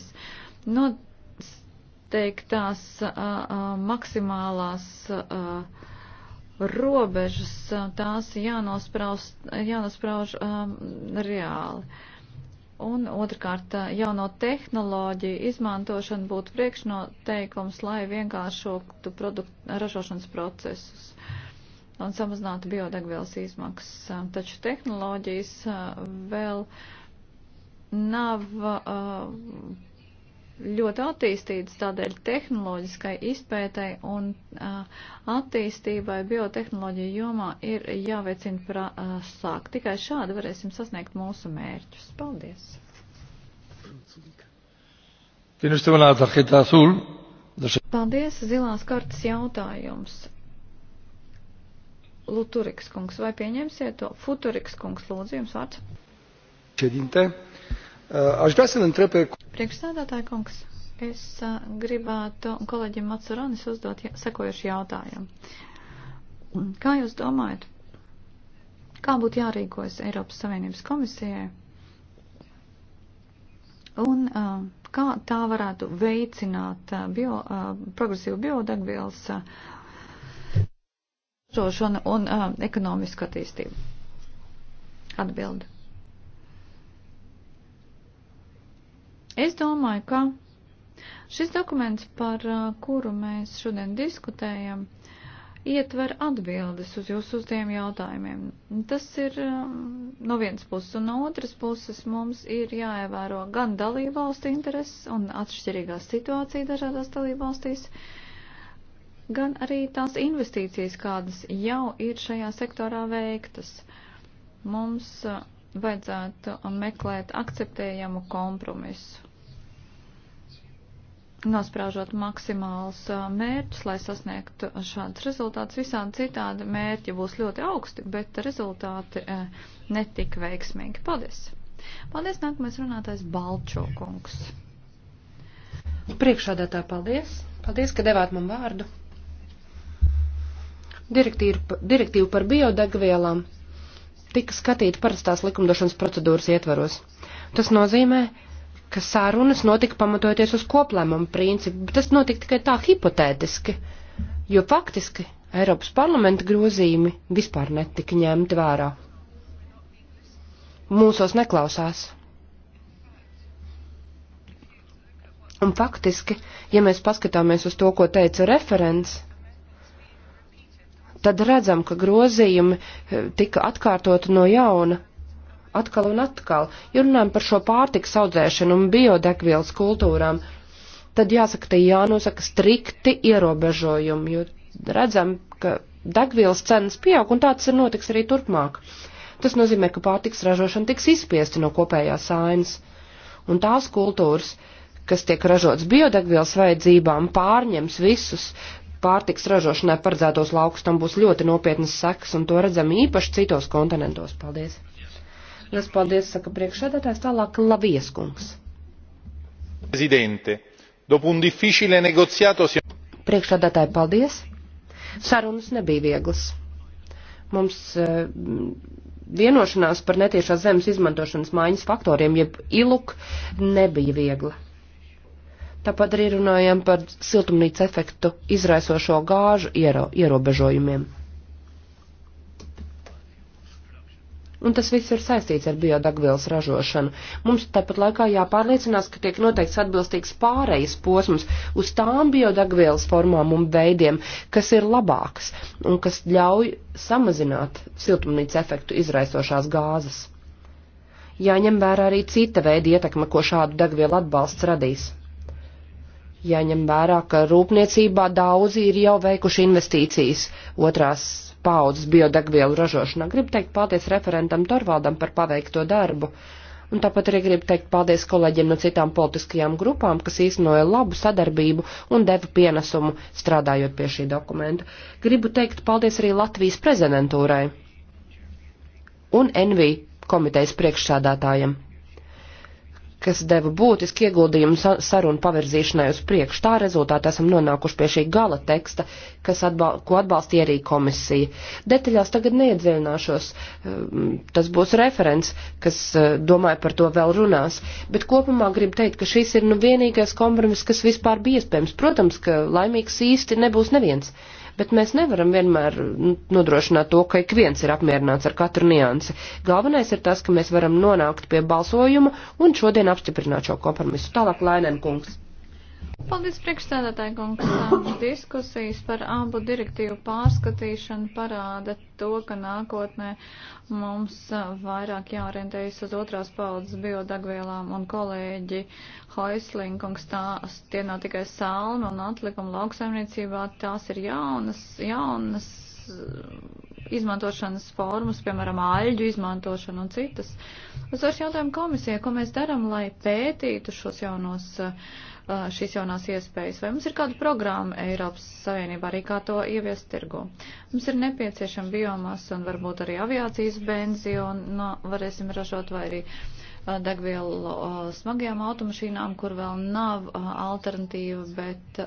Noteiktās uh, uh, maksimālās uh, robežas, tās jānosprauž um, reāli Un otrkārt, jauno tehnoloģiju izmantošana būtu priekšnoteikums, lai vienkāršotu produktu ražošanas procesus un samazinātu biodegvielas izmaksas. Taču tehnoloģijas vēl nav uh, ļoti attīstītas, tādēļ tehnoloģiskai izpētai un attīstībai biotehnoloģiju jomā ir jāveicina prasāk. Tikai šādi varēsim sasniegt mūsu mērķus. Paldies! Paldies, zilās kartas jautājums. Luturiks kungs, vai pieņemsiet to? Futuriks kungs, lūdzu, jums vārds. Čedinte. Uh, Aš vrea să-l întreb pe... Priekšsēdētāji kungs, es uh, gribētu kolēģim Macaronis uzdot sekojuši jautājumu. Kā jūs domājat, kā būtu jārīkojas Eiropas Savienības komisijai un uh, kā tā varētu veicināt bio, progresīvu biodegvielas ražošanu un ekonomisku attīstību? Atbildi. Es domāju, ka šis dokuments, par uh, kuru mēs šodien diskutējam, ietver atbildes uz jūsu uzdiem jautājumiem. Tas ir um, no vienas puses, un no otras puses mums ir jāievēro gan dalību valstu intereses un atšķirīgā situācija dažādās dalību valstīs, gan arī tās investīcijas, kādas jau ir šajā sektorā veiktas. Mums uh, vajadzētu meklēt akceptējamu kompromisu nospraužot maksimāls mērķis, lai sasniegtu šādus rezultātus. Visādi citādi mērķi būs ļoti augsti, bet rezultāti netika veiksmīgi. Paldies! Paldies, nākamais runātais Balčokungs. Priekšādātā paldies. Paldies, ka devāt man vārdu. Direktīva, direktīva par biodegvielām tika skatīta parastās likumdošanas procedūras ietvaros. Tas nozīmē, ka sarunas notika pamatojoties uz koplēmumu principu, bet tas notika tikai tā hipotētiski, jo faktiski Eiropas parlamenta grozījumi vispār netika ņemti vērā. Mūsos neklausās. Un faktiski, ja mēs paskatāmies uz to, ko teica referents, tad redzam, ka grozījumi eh, tika atkārtoti no jauna atkal un atkal, ja runājam par šo pārtiks audzēšanu un biodegvielas kultūrām, tad jāsaka, te jānosaka strikti ierobežojumi, jo redzam, ka degvielas cenas pieaug un tāds ir notiks arī turpmāk. Tas nozīmē, ka pārtiks ražošana tiks izspiesti no kopējās ainas. Un tās kultūras, kas tiek ražotas biodegvielas vajadzībām, pārņems visus pārtiks ražošanai paredzētos laukus, tam būs ļoti nopietnas sekas, un to redzam īpaši citos kontinentos. Paldies! Liels paldies, saka priekšsēdētājs, tālāk Lavijas kungs. Priekšsēdētāji, paldies. Sarunas nebija vieglas. Mums eh, vienošanās par netiešās zemes izmantošanas maiņas faktoriem, jeb iluk, nebija viegla. Tāpat arī runājam par siltumnīca efektu izraisošo gāžu iero, ierobežojumiem. un tas viss ir saistīts ar biodegvielas ražošanu. Mums tāpat laikā jāpārliecinās, ka tiek noteikts atbilstīgs pārejas posms uz tām biodegvielas formām un veidiem, kas ir labāks un kas ļauj samazināt siltumnīca efektu izraisošās gāzes. Jāņem vērā arī cita veida ietekme, ko šādu degvielu atbalsts radīs. Jāņem vērā, ka rūpniecībā daudzi ir jau veikuši investīcijas otrās paudzes biodegvielu ražošanā. Gribu teikt paldies referentam Torvaldam par paveikto darbu. Un tāpat arī gribu teikt paldies kolēģiem no citām politiskajām grupām, kas īstenoja labu sadarbību un deva pienesumu strādājot pie šī dokumenta. Gribu teikt paldies arī Latvijas prezidentūrai un NV komitejas priekšsādātājiem kas deva būtiski ieguldījumu sarunu pavirzīšanai uz priekšu. Tā rezultātā esam nonākuši pie šī gala teksta, kas atbal ko atbalstīja arī komisija. Detaļās tagad neiedziļināšos, ehm, tas būs referents, kas eh, domāju par to vēl runās, bet kopumā gribu teikt, ka šis ir nu vienīgais kompromiss, kas vispār bija iespējams. Protams, ka laimīgs īsti nebūs neviens bet mēs nevaram vienmēr nu, nodrošināt to, ka ik viens ir apmierināts ar katru niansi. Galvenais ir tas, ka mēs varam nonākt pie balsojuma un šodien apstiprināt šo kompromisu. Tālāk Lainēn kungs. Paldies, priekšstādātāji kungs. Diskusijas par abu direktīvu pārskatīšanu parāda to, ka nākotnē mums vairāk jāorientējas uz otrās paudzes biodagvielām un kolēģi Hoislinkungs. Tās tie nav tikai salma un atlikuma lauksaimniecībā, tās ir jaunas, jaunas izmantošanas formas, piemēram, aļģu izmantošanu un citas. Es varu jautājumu komisijai, ko mēs darām, lai pētītu šos jaunos uh, šīs jaunās iespējas, vai mums ir kāda programma Eiropas Savienībā arī kā to ieviest tirgu. Mums ir nepieciešama biomasa un varbūt arī aviācijas benzīnu no, varēsim ražot vai arī degvielu smagajām automašīnām, kur vēl nav alternatīva, bet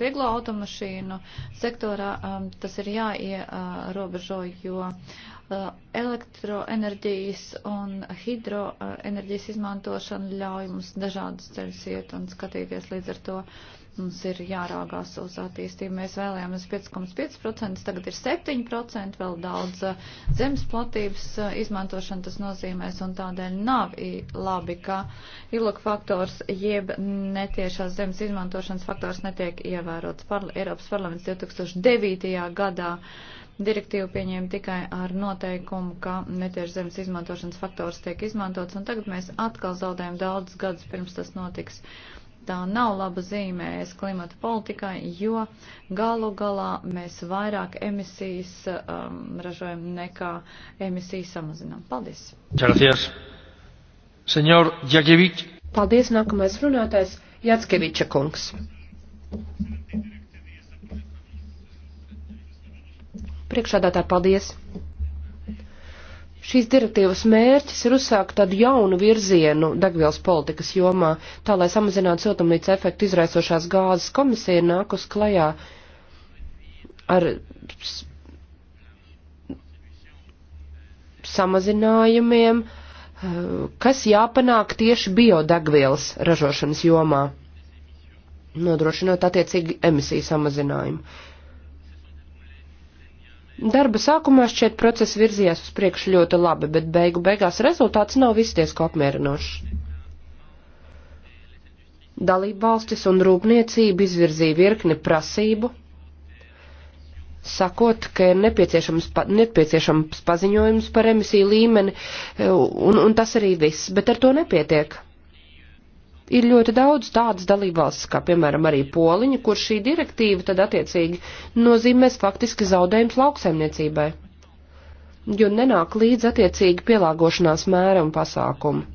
vieglo automašīnu sektorā tas ir jāierobežo, jo Eh, elektroenerģijas un hidroenerģijas izmantošana ļauj mums dažādas ceļus iet un skatīties līdz ar to. Mums ir jārāgās uz attīstību. Mēs vēlējāmies 5,5%, tagad ir 7%, vēl daudz eh, zemes platības eh, izmantošana tas nozīmēs, un tādēļ nav labi, ka ilok faktors jeb netiešās zemes izmantošanas faktors netiek ievērots. Par, Eiropas parlaments 2009. gadā Direktīva pieņēma tikai ar noteikumu, ka netieši zemes izmantošanas faktors tiek izmantots, un tagad mēs atkal zaudējam daudz gadus pirms tas notiks. Tā nav laba zīmē es klimata politikai, jo galu galā mēs vairāk emisijas um, ražojam nekā emisijas samazinām. Paldies! Gracias. Senor Jakevič. Paldies, nākamais runātājs Jackeviča kungs. Thank you. Priekšādātāji, paldies! Šīs direktīvas mērķis ir uzsākt tādu jaunu virzienu degvielas politikas jomā, tā lai samazinātu siltumnīca efektu izraisošās gāzes komisija nāk uz klajā ar samazinājumiem, eh, kas jāpanāk tieši biodegvielas ražošanas jomā, nodrošinot attiecīgi emisiju samazinājumu. Darba sākumā šķiet process virzījās uz priekšu ļoti labi, bet beigu beigās rezultāts nav visiesko apmierinošs. Dalība valstis un rūpniecība izvirzīja virkni prasību, sakot, ka ir nepieciešams, pa, nepieciešams paziņojums par emisiju līmeni, e, un, un tas arī viss, bet ar to nepietiek ir ļoti daudz tādas dalībvalstis, kā piemēram arī Poliņa, kur šī direktīva tad attiecīgi nozīmēs faktiski zaudējums lauksaimniecībai, jo nenāk līdz attiecīgi pielāgošanās mēra un pasākumu.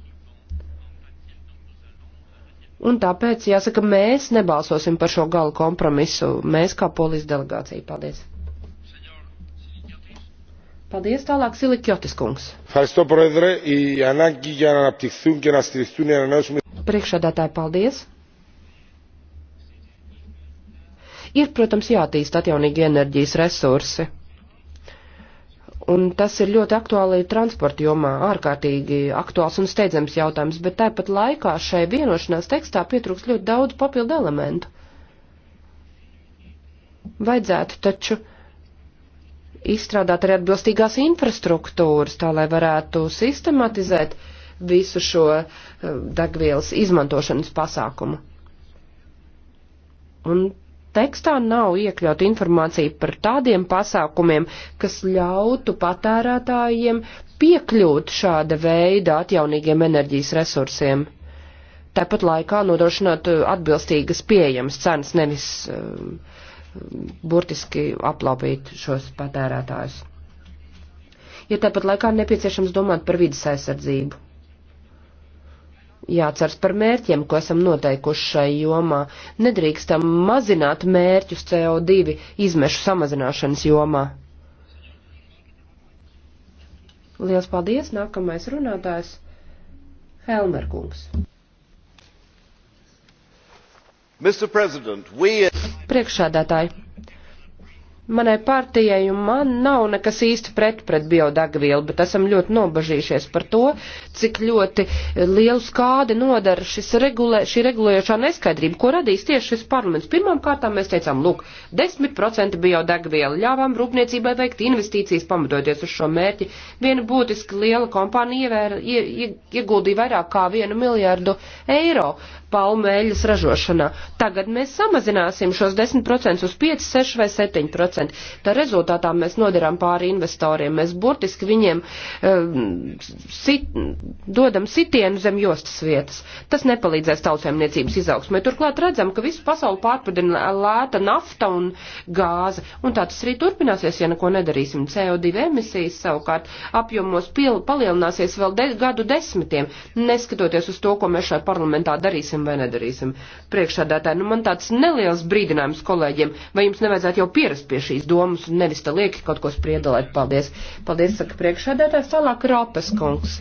Un tāpēc, jāsaka, mēs nebalsosim par šo galu kompromisu, mēs kā polijas delegācija. Paldies! Paldies tālāk, Silikjotis kungs. Ευχαριστώ, Πρόεδρε. Η ανάγκη για να αναπτυχθούν και να στηριχθούν οι ανανεώσιμες Priekšādātāji, paldies! Ir, protams, jātīst atjaunīgi enerģijas resursi. Un tas ir ļoti aktuāli transporta jomā, ārkārtīgi aktuāls un steidzams jautājums, bet tāpat laikā šai vienošanās tekstā pietrūks ļoti daudz papildu elementu. Vajadzētu taču izstrādāt arī atbilstīgās infrastruktūras, tā lai varētu sistematizēt uh, visu šo eh, degvielas izmantošanas pasākumu. Un tekstā nav iekļauta informācija par tādiem pasākumiem, kas ļautu patērētājiem piekļūt šāda veida atjaunīgiem enerģijas resursiem. Tāpat laikā nodrošināt eh, atbilstīgas pieejamas cenas, nevis um, burtiski aplaupīt šos patērētājus. Ja tāpat laikā nepieciešams domāt par vidas aizsardzību jāceras par mērķiem, ko esam noteikuši šai jomā. Nedrīkstam mazināt mērķus CO2 izmešu samazināšanas jomā. Liels paldies! Nākamais runātājs - Helmer kungs. We... Priekšsēdētāji, Manai partijai un man nav nekas īsti pret pret biodegvielu, bet esam ļoti nobažījušies par to, cik ļoti lielu skādi nodara šis regulē, šī regulējošā neskaidrība, ko radīs tieši šis parlaments. Pirmām kārtām mēs teicām, lūk, 10% biodegvielu ļāvām rūpniecībai veikt investīcijas pamatoties uz šo mērķi. Viena būtiski liela kompānija ievēra, ie, ie, ieguldīja vairāk kā vienu miljārdu eiro palmēļas ražošanā. Tagad mēs samazināsim šos 10% uz 5, 6 vai 7%. Tā rezultātā mēs nodarām pāri investoriem. Mēs burtiski viņiem um, sit, dodam sitienu zem jostas vietas. Tas nepalīdzēs tautsēmniecības izaugsmē. Turklāt redzam, ka visu pasauli pārpadina lēta nafta un gāze. Un tā tas arī turpināsies, ja neko nedarīsim. CO2 emisijas savukārt apjomos piel, palielināsies vēl de, gadu desmitiem, neskatoties uz to, ko mēs šajā parlamentā darīsim darīsim vai nedarīsim. Priekšādātāji, nu man tāds neliels brīdinājums kolēģiem, vai jums nevajadzētu jau pierast pie šīs domas un nevis te lieki kaut ko spriedalēt. Paldies. Paldies, saka priekšādātājs, tālāk Rāpes kungs.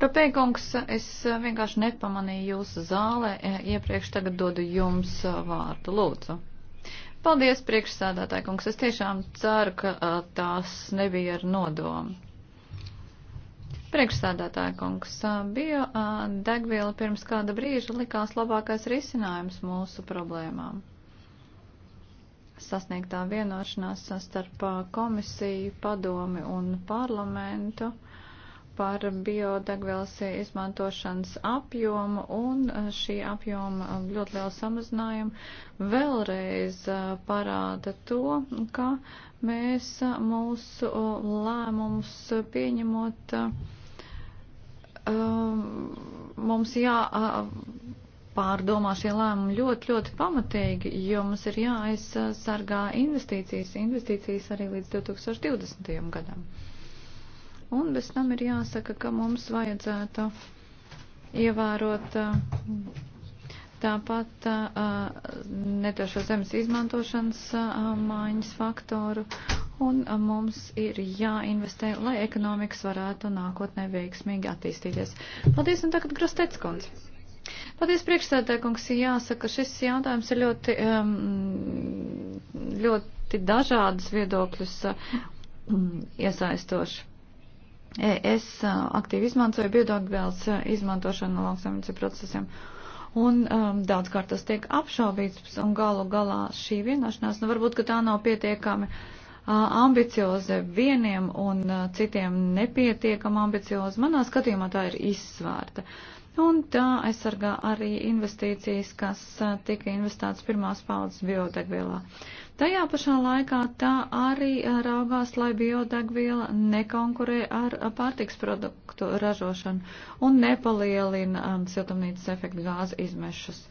Rapēkungs, es vienkārši nepamanīju jūsu zālē, iepriekš tagad dodu jums vārdu, lūdzu. Paldies, priekšsādātāji kungs. Es tiešām ceru, ka tās nebija ar nodomu. Priekšsādātāja kungs, bio degviela pirms kāda brīža likās labākais risinājums mūsu problēmām. Sasniegtā vienošanās starp komisiju, padomi un parlamentu par biodegvielas izmantošanas apjomu un eh, šī apjoma eh, ļoti liela samazinājuma vēlreiz eh, parāda to, ka mēs mūsu lēmumus pieņemot mums jā pārdomā šie lēmumi ļoti, ļoti pamatīgi, jo mums ir jāaizsargā investīcijas, investīcijas arī līdz 2020. gadam. Un bez tam ir jāsaka, ka mums vajadzētu ievērot uh, tāpat uh, netošo zemes izmantošanas uh, mājas faktoru. Un mums ir jāinvestē, lai ekonomikas varētu nākotnē veiksmīgi attīstīties. Paldies, un tagad Grostets kundze. Paldies, priekšsēdētājkungs. Jāsaka, šis jautājums ir ļoti, um, ļoti dažādas viedokļus um, iesaistoši. Es aktīvi izmantoju biodegvielas izmantošanu lauksaimniecības procesiem. Un um, daudzkārt tas tiek apšaubīts, un galu galā šī vienošanās, nu varbūt, ka tā nav pietiekami uh, ambicioza vieniem un uh, citiem nepietiekami ambicioza. Manā skatījumā tā ir izsvērta. Uh, un tā aizsargā arī investīcijas, kas tika investētas pirmās paudzes biodegvielā. Tajā pašā laikā tā arī raugās, lai biodegviela nekonkurē ar pārtiks produktu ražošanu un nepalielina siltumnīcas efektu gāzu izmešus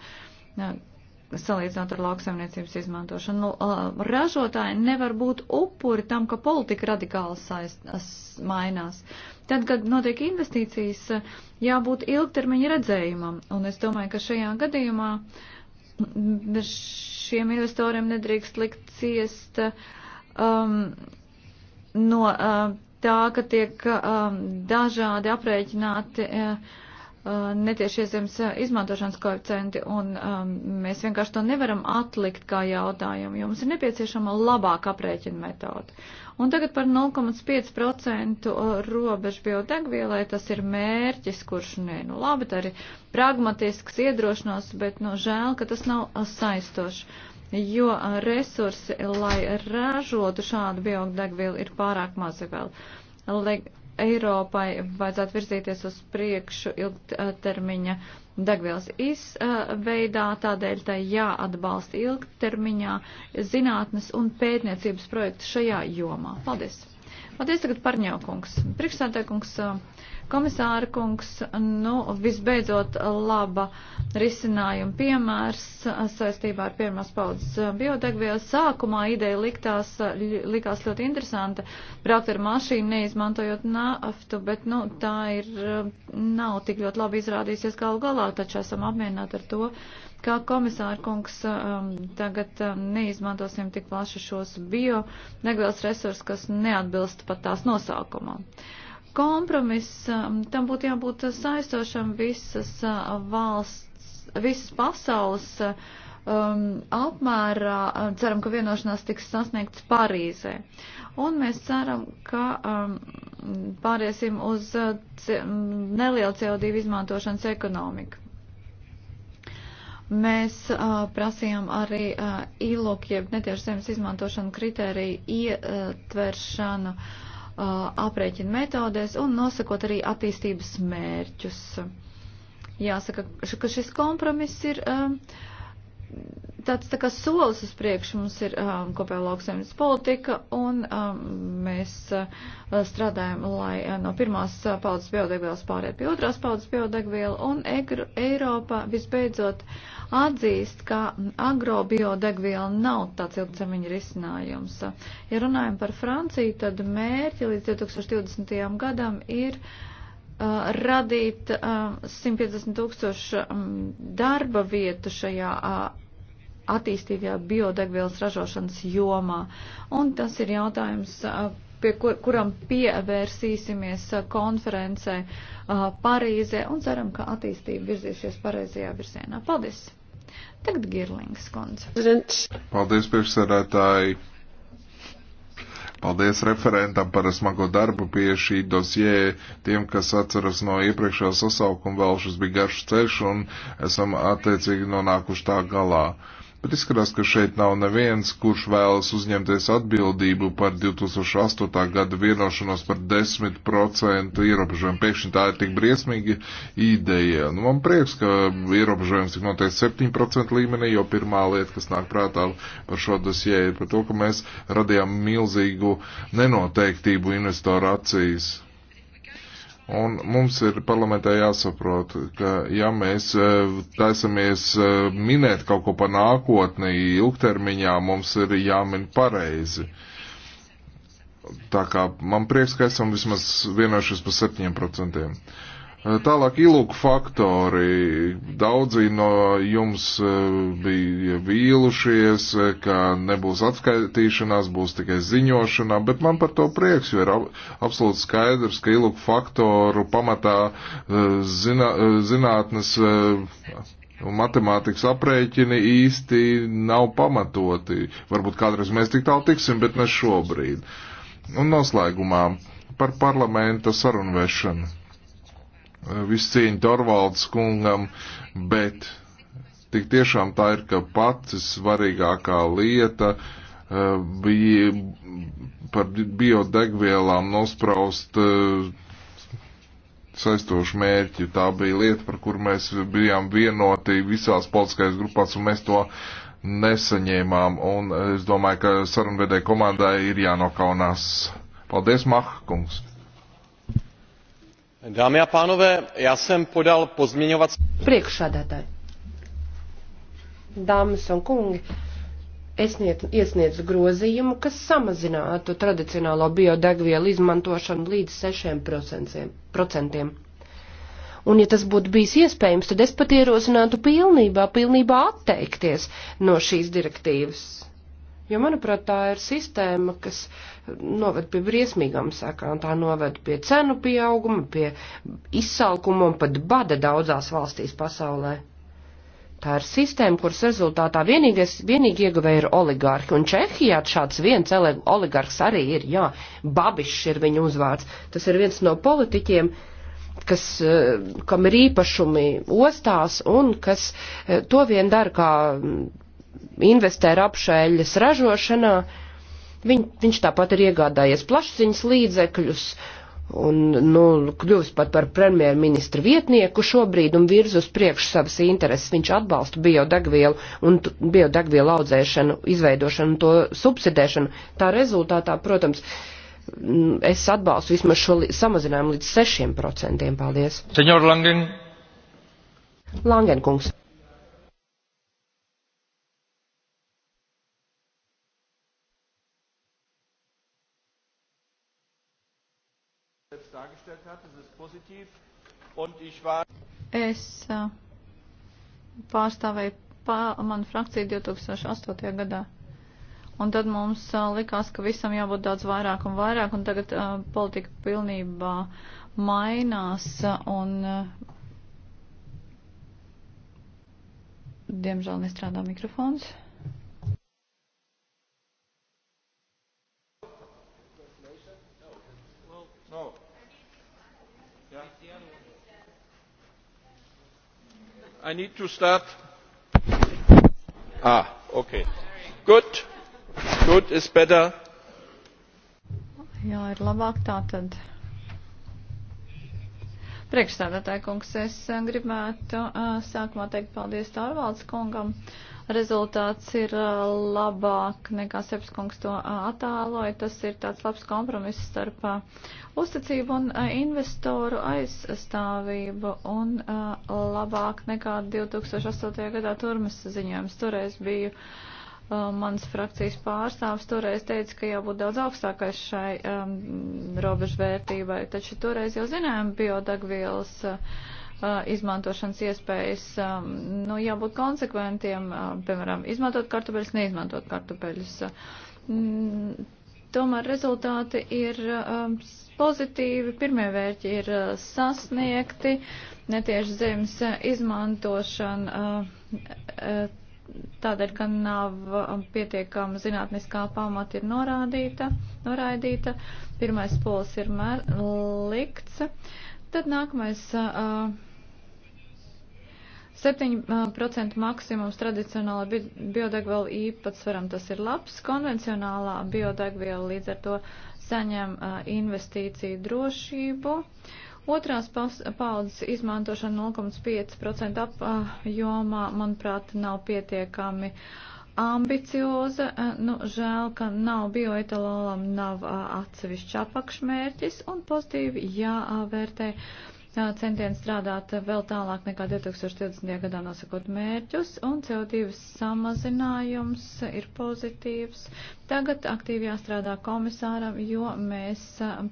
salīdzinot ar lauksaimniecības izmantošanu. Nu, ražotāji nevar būt upuri tam, ka politika radikāli saist, mainās. Tad, kad notiek investīcijas, jābūt ilgtermiņa redzējumam, un es domāju, ka šajā gadījumā šiem investoriem nedrīkst likt ciest um, no uh, tā, ka tiek um, dažādi aprēķināti. Uh, Uh, netieši zemes uh, izmantošanas koeficienti, un um, mēs vienkārši to nevaram atlikt kā jautājumu, jo mums ir nepieciešama labāka aprēķina metode. Un tagad par 0,5% uh, robežu biodegvielai tas ir mērķis, kurš, nē, nu, nu labi, tā ir pragmatisks iedrošinās, bet, nu, žēl, ka tas nav saistošs jo resursi, lai ražotu šādu biodegvielu, ir pārāk mazi vēl. Lai Eiropai vajadzētu virzīties uz priekšu ilgtermiņa degvielas izveidā, tādēļ tai jāatbalsta ilgtermiņā zinātnes un pētniecības projekti šajā jomā. Paldies! Paldies tagad parņaukungs. Priekšsēdēkungs, komisāra kungs, nu, visbeidzot laba risinājuma piemērs saistībā ar pirmās paudzes biodegvielu. Sākumā ideja liktās, likās ļoti interesanta, braukt ar mašīnu, neizmantojot naftu, bet, nu, tā ir, nav tik ļoti labi izrādījusies galu galā, taču esam apmierināti ar to, Kā komisāra kungs, um, tagad um, neizmantosim tik plaši šos bio degvielas resursus, kas neatbilst pat tās nosaukumam. Kompromiss, um, tam būtu jābūt saistošam visas uh, valsts, visas pasaules um, apmērā. Ceram, ka vienošanās tiks sasniegts Parīzē. Un mēs ceram, ka um, pāriesim uz uh, mm, nelielu CO2 izmantošanas ekonomiku Mēs uh, prasījām arī uh, ILUK, jeb netiešu zemes izmantošanu kritēriju ietveršanu uh, aprēķinu metodēs un nosakot arī attīstības mērķus. Jāsaka, ka šis kompromiss ir uh, tāds tā kā solis uz priekšu. Mums ir um, kopēja lauksaimnes politika un um, mēs uh, strādājam, lai uh, no pirmās uh, paudzes biodegvielas pārē pie otrās paudzes biodegvielu un Egru, Eiropa visbeidzot. Uh, atzīst, ka agrobiodegviela nav tāds ilgtermiņa risinājums. Ja runājam par Franciju, tad mērķi līdz 2020. gadam ir uh, radīt uh, 150 tūkstošu um, darba vietu šajā uh, attīstītajā biodegvielas ražošanas jomā. Un tas ir jautājums, uh, pie kur, kuram pievērsīsimies uh, konferencē uh, Parīzē un ceram, ka attīstība virzīsies pareizajā virzienā. Paldies! Tagad Girlings kundze. Paldies priekšsēdētāji. Paldies referentam par smago darbu pie šī dosjē. Tiem, kas atceras no iepriekšējā sasaukuma, vēl šis bija garš ceļš un esam attiecīgi nonākuši tā galā. Uh, Bet izskatās, ka šeit nav neviens, kurš vēlas uzņemties atbildību par 2008. gada vienošanos par 10% ierobežojumu. Pēkšņi tā ir tik briesmīga ideja. Nu, man prieks, ka ierobežojums tik noteikti 7% līmenī, jo pirmā lieta, kas nāk prātā par šo dosie, ir par to, ka mēs radījām milzīgu nenoteiktību investoru acīs Un mums ir parlamentā jāsaprot, ka ja mēs e, taisamies e, minēt kaut ko par nākotni ilgtermiņā, mums ir jāmin pareizi. Tā kā man prieks, ka esam vismaz vienojušies par 7%. Tālāk ilūku faktori. Daudzi no jums bija vīlušies, ka nebūs atskaitīšanās, būs tikai ziņošanā, bet man par to prieks, jo ir absolūti skaidrs, ka ilūku faktoru pamatā zina, zinātnes un matemātikas aprēķini īsti nav pamatoti. Varbūt kādreiz mēs tik tālu tiksim, bet ne šobrīd. Un noslēgumā par parlamenta sarunvešanu Eh, visu cieņu Torvalds kungam, bet tik tiešām tā ir, ka pati svarīgākā lieta eh, bija par biodegvielām nospraust eh, saistošu mērķi. Tā bija lieta, par kur mēs bijām vienoti visās politiskajās grupās, un mēs to nesaņēmām. Un es domāju, ka sarunvedē komandai ir jānokaunās. Paldies, Mahkungs! Dámy a pánové, já jsem podal pozměňovací... Priekšādātāji. Dāmas un kungi, es iesniedzu grozījumu, kas samazinātu tradicionālo biodegvielu izmantošanu līdz 6%. Un, ja tas būtu bijis iespējams, tad es pat ierosinātu pilnībā, pilnībā atteikties no šīs direktīvas. Jo, manuprāt, tā ir sistēma, kas noved pie briesmīgām sekām. Tā noved pie cenu pieauguma, pie izsalkuma un pat bada daudzās valstīs pasaulē. Tā ir sistēma, kuras rezultātā vienīgais, vienīgi ieguvēja ir oligārhi. Un Čehijā šāds viens oligārhs arī ir, jā, Babišs ir viņa uzvārds. Tas ir viens no politiķiem, kas, eh, kam ir īpašumi ostās un kas eh, to vien dara kā investē rapšēļas ražošanā, viņ, viņš tāpat ir iegādājies plašsiņas līdzekļus un, nu, kļūst pat par premjerministra vietnieku šobrīd un virz uz priekšu savas intereses. Viņš atbalsta biodegvielu un biodegvielu audzēšanu, izveidošanu, to subsidēšanu. Tā rezultātā, protams, es atbalstu vismaz šo samazinājumu līdz 6%. Paldies. Senjor Langen. Langenkungs. Es pārstāvēju pā, manu frakciju 2008. gadā. Un tad mums uh, likās, ka visam jābūt daudz vairāk un vairāk, un tagad uh, politika pilnībā mainās. Un, uh, diemžēl nestrādā mikrofons. I need to start. Ah, okay. Good. Good is better. Jā, ir labāk tā tad. Priekšstādātāja kungs, es eh, gribētu eh, sākumā teikt paldies Tārvalds kungam. Rezultāts ir eh, labāk nekā Seps kungs to attāloja. Tas ir tāds labs kompromiss starp uzticību un investoru aizstāvību un labāk nekā 2008. gadā turmas ziņojums. Toreiz biju. Uh, Uh, mans frakcijas pārstāvs toreiz teica, ka jābūt daudz augstākais šai um, robežvērtībai, taču toreiz jau zinājām biodagvielas uh, uh, izmantošanas iespējas, um, nu, jābūt konsekventiem, uh, piemēram, izmantot kartupeļus, neizmantot kartupeļus. Mm, tomēr rezultāti ir um, pozitīvi, pirmie vērķi ir uh, sasniegti, netieši zemes uh, izmantošana. Uh, uh, tādēļ, ka nav um, pietiekama zinātniskā pamata ir norādīta, noraidīta. Pirmais pols ir mēr, likts. Tad nākamais. Uh, 7% uh, maksimums tradicionāla biodegviela īpatsvaram tas ir labs, konvencionālā biodegviela līdz ar to saņem uh, investīciju drošību. Uh, Otrās paudzes izmantošana 0,5% apjomā, manuprāt, nav pietiekami ambicioza. Nu, žēl, ka nav bioetalolam, nav atsevišķa apakšmērķis un pozitīvi jāvērtē. Ja, centieni strādāt vēl tālāk nekā 2020. gadā nosakot mērķus, un CO2 samazinājums ir pozitīvs. Tagad aktīvi jāstrādā komisāram, jo mēs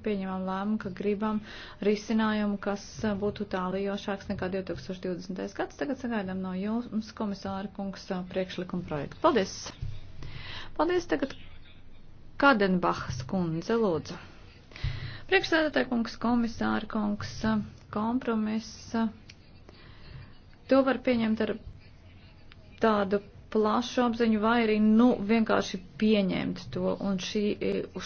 pieņemam lēmumu, ka gribam risinājumu, kas būtu tālījošāks nekā 2020. gads. Tagad sagaidām no jums, komisāra kungs, priekšlikuma projektu. Paldies! Paldies tagad Kadenbachas kundze, lūdzu. Priekšsēdētāja kungs, komisāra kungs, kompromiss. To var pieņemt ar tādu plašu apziņu vai arī nu, vienkārši pieņemt to. Un šī,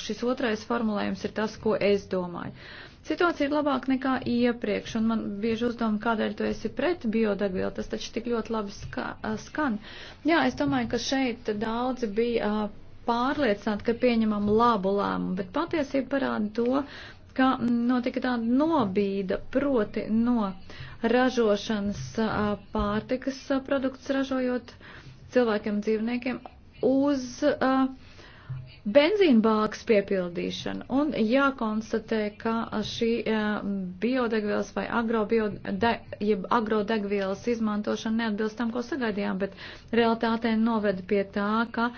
šis otrais formulējums ir tas, ko es domāju. Situācija ir labāka nekā iepriekš, un man bieži uzdevumi, kādēļ tu esi pret biodegvielu, tas taču tik ļoti labi skan. Jā, es domāju, ka šeit daudzi bija pārliecināti, ka pieņemam labu lēmumu, bet patiesība parāda to, ka notika tāda nobīda proti no ražošanas pārtikas produkts ražojot cilvēkiem dzīvniekiem uz benzīnbāks piepildīšanu. Un jākonstatē, ka šī biodegvielas vai agrobiode, agrodegvielas izmantošana neatbilst tam, ko sagaidījām, bet realitātē noveda pie tā, ka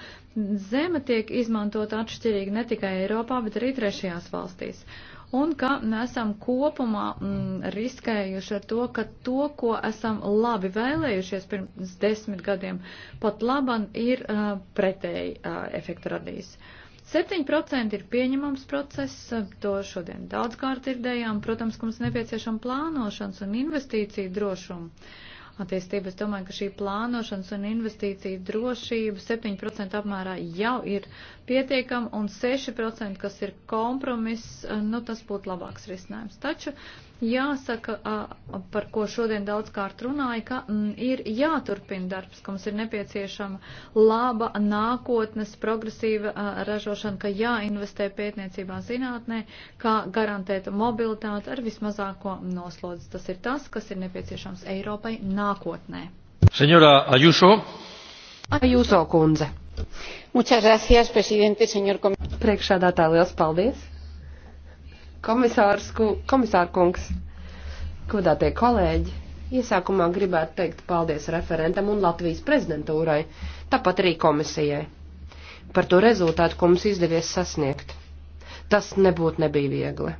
zeme tiek izmantota atšķirīgi ne tikai Eiropā, bet arī trešajās valstīs. Uh, un ka nesam kopumā mm, riskējuši ar to, ka to, ko esam labi vēlējušies pirms desmit gadiem, pat laban ir uh, pretēji uh, efektu radījis. 7% ir pieņemams process, to šodien daudzkārt dzirdējām. Protams, ka mums nepieciešama plānošanas un investīcija drošuma attīstību. Es domāju, ka šī plānošanas un investīcija drošība 7% apmērā jau ir pietiekama un 6%, kas ir kompromiss, nu tas būtu labāks risinājums. Taču Jāsaka, par ko šodien daudzkārt runāja, ka ir jāturpina darbs, ka mums ir nepieciešama laba nākotnes progresīva ražošana, ka jāinvestē pētniecībā zinātnē, kā garantēt mobilitāti ar vismazāko noslodzi. Tas ir tas, kas ir nepieciešams Eiropai nākotnē. Senora Ajuso. Ajuso kundze. Muchas gracias, presidente, señor comisario. Priekšādātā liels paldies komisārs, komisārkungs, godātie kolēģi, iesākumā gribētu teikt paldies referentam un Latvijas prezidentūrai, tāpat arī komisijai par to rezultātu, ko mums izdevies sasniegt. Tas nebūtu nebija viegli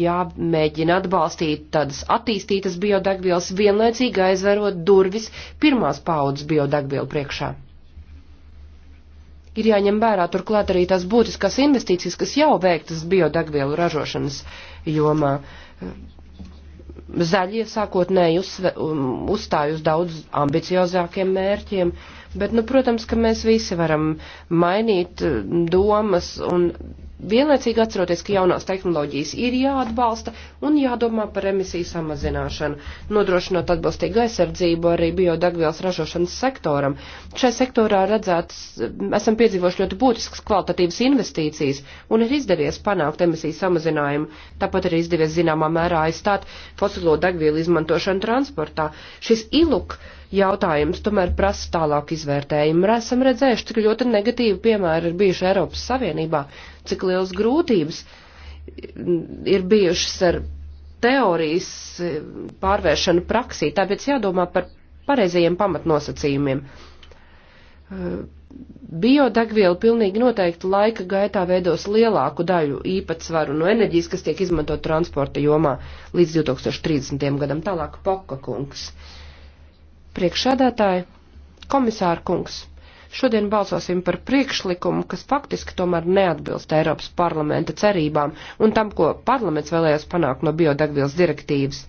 jāmēģina atbalstīt tādas attīstītas biodegvielas, vienlaicīgi aizverot durvis pirmās paudzes biodegvielu priekšā ir jāņem vērā turklāt arī tās būtiskās investīcijas, kas jau veiktas biodegvielu ražošanas jomā. Zaļie sākotnēji uz, um, uzstāj uz daudz ambiciozākiem mērķiem, bet, nu, protams, ka mēs visi varam mainīt uh, domas un vienlaicīgi atceroties, ka jaunās tehnoloģijas ir jāatbalsta un jādomā par emisiju samazināšanu, nodrošinot atbilstīgu aizsardzību arī biodegvielas ražošanas sektoram. Šai sektorā redzēts, esam piedzīvojuši ļoti būtiskas kvalitatīvas investīcijas un ir izdevies panākt emisiju samazinājumu, tāpat arī izdevies zināmā mērā aizstāt fosilo degvielu izmantošanu transportā. Šis iluk jautājums tomēr prasa tālāku izvērtējumu. Esam redzējuši, cik ļoti negatīvi piemēri ir bijuši Eiropas Savienībā cik liels grūtības ir bijušas ar teorijas pārvēršanu praksī, tāpēc jādomā par pareizajiem pamatnosacījumiem. Biodegviela pilnīgi noteikti laika gaitā veidos lielāku daļu īpatsvaru no enerģijas, kas tiek izmantot transporta jomā līdz 2030. gadam. Tālāk Poka kungs. Priekšsēdētāji, komisāra kungs. Šodien balsosim par priekšlikumu, kas faktiski tomēr neatbilst Eiropas parlamenta cerībām un tam, ko parlaments vēlējās panākt no biodegvielas direktīvas.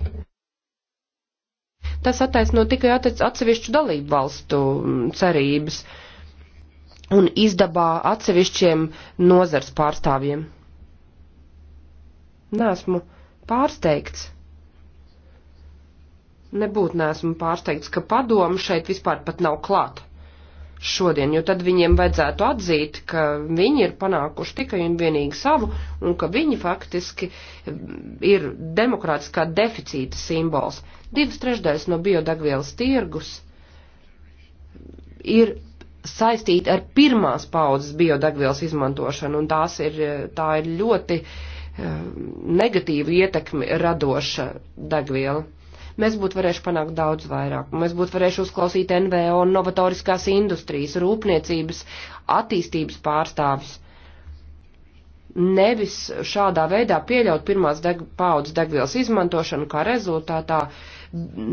Tas attaisno tikai atsevišķu dalību valstu mm, cerības un izdabā atsevišķiem nozars pārstāvjiem. Nāsmu pārsteigts nebūtu neesmu pārsteigts, ka padomu šeit vispār pat nav klāt šodien, jo tad viņiem vajadzētu atzīt, ka viņi ir panākuši tikai un vienīgi savu, un ka viņi faktiski ir demokrātiskā deficīta simbols. Divas trešdaļas no biodegvielas tirgus ir saistīta ar pirmās paudzes biodegvielas izmantošanu, un tās ir, tā ir ļoti eh, negatīvu ietekmi radoša degviela mēs būtu varējuši panākt daudz vairāk. Mēs būtu varējuši uzklausīt NVO un novatoriskās industrijas, rūpniecības, attīstības pārstāvis. Nevis šādā veidā pieļaut pirmās deg paudzes degvielas izmantošanu, kā rezultātā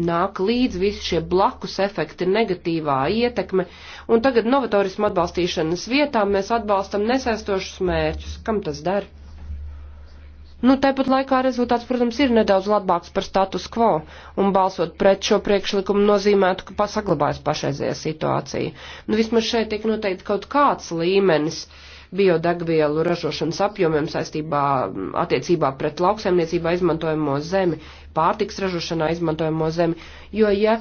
nāk līdz visi šie blakus efekti, negatīvā ietekme, un tagad novatorismu atbalstīšanas vietā mēs atbalstam nesaistošus mērķus. Kam tas dara? Nu, tāpat laikā rezultāts, protams, ir nedaudz labāks par status quo, un balsot pret šo priekšlikumu nozīmētu, ka pasaglabājas pašreizējā situācija. Nu, vismaz šeit tiek noteikti kaut kāds līmenis biodegvielu ražošanas apjomiem saistībā attiecībā pret lauksaimniecībā izmantojamo zemi, pārtiks ražošanā izmantojamo zemi, jo, ja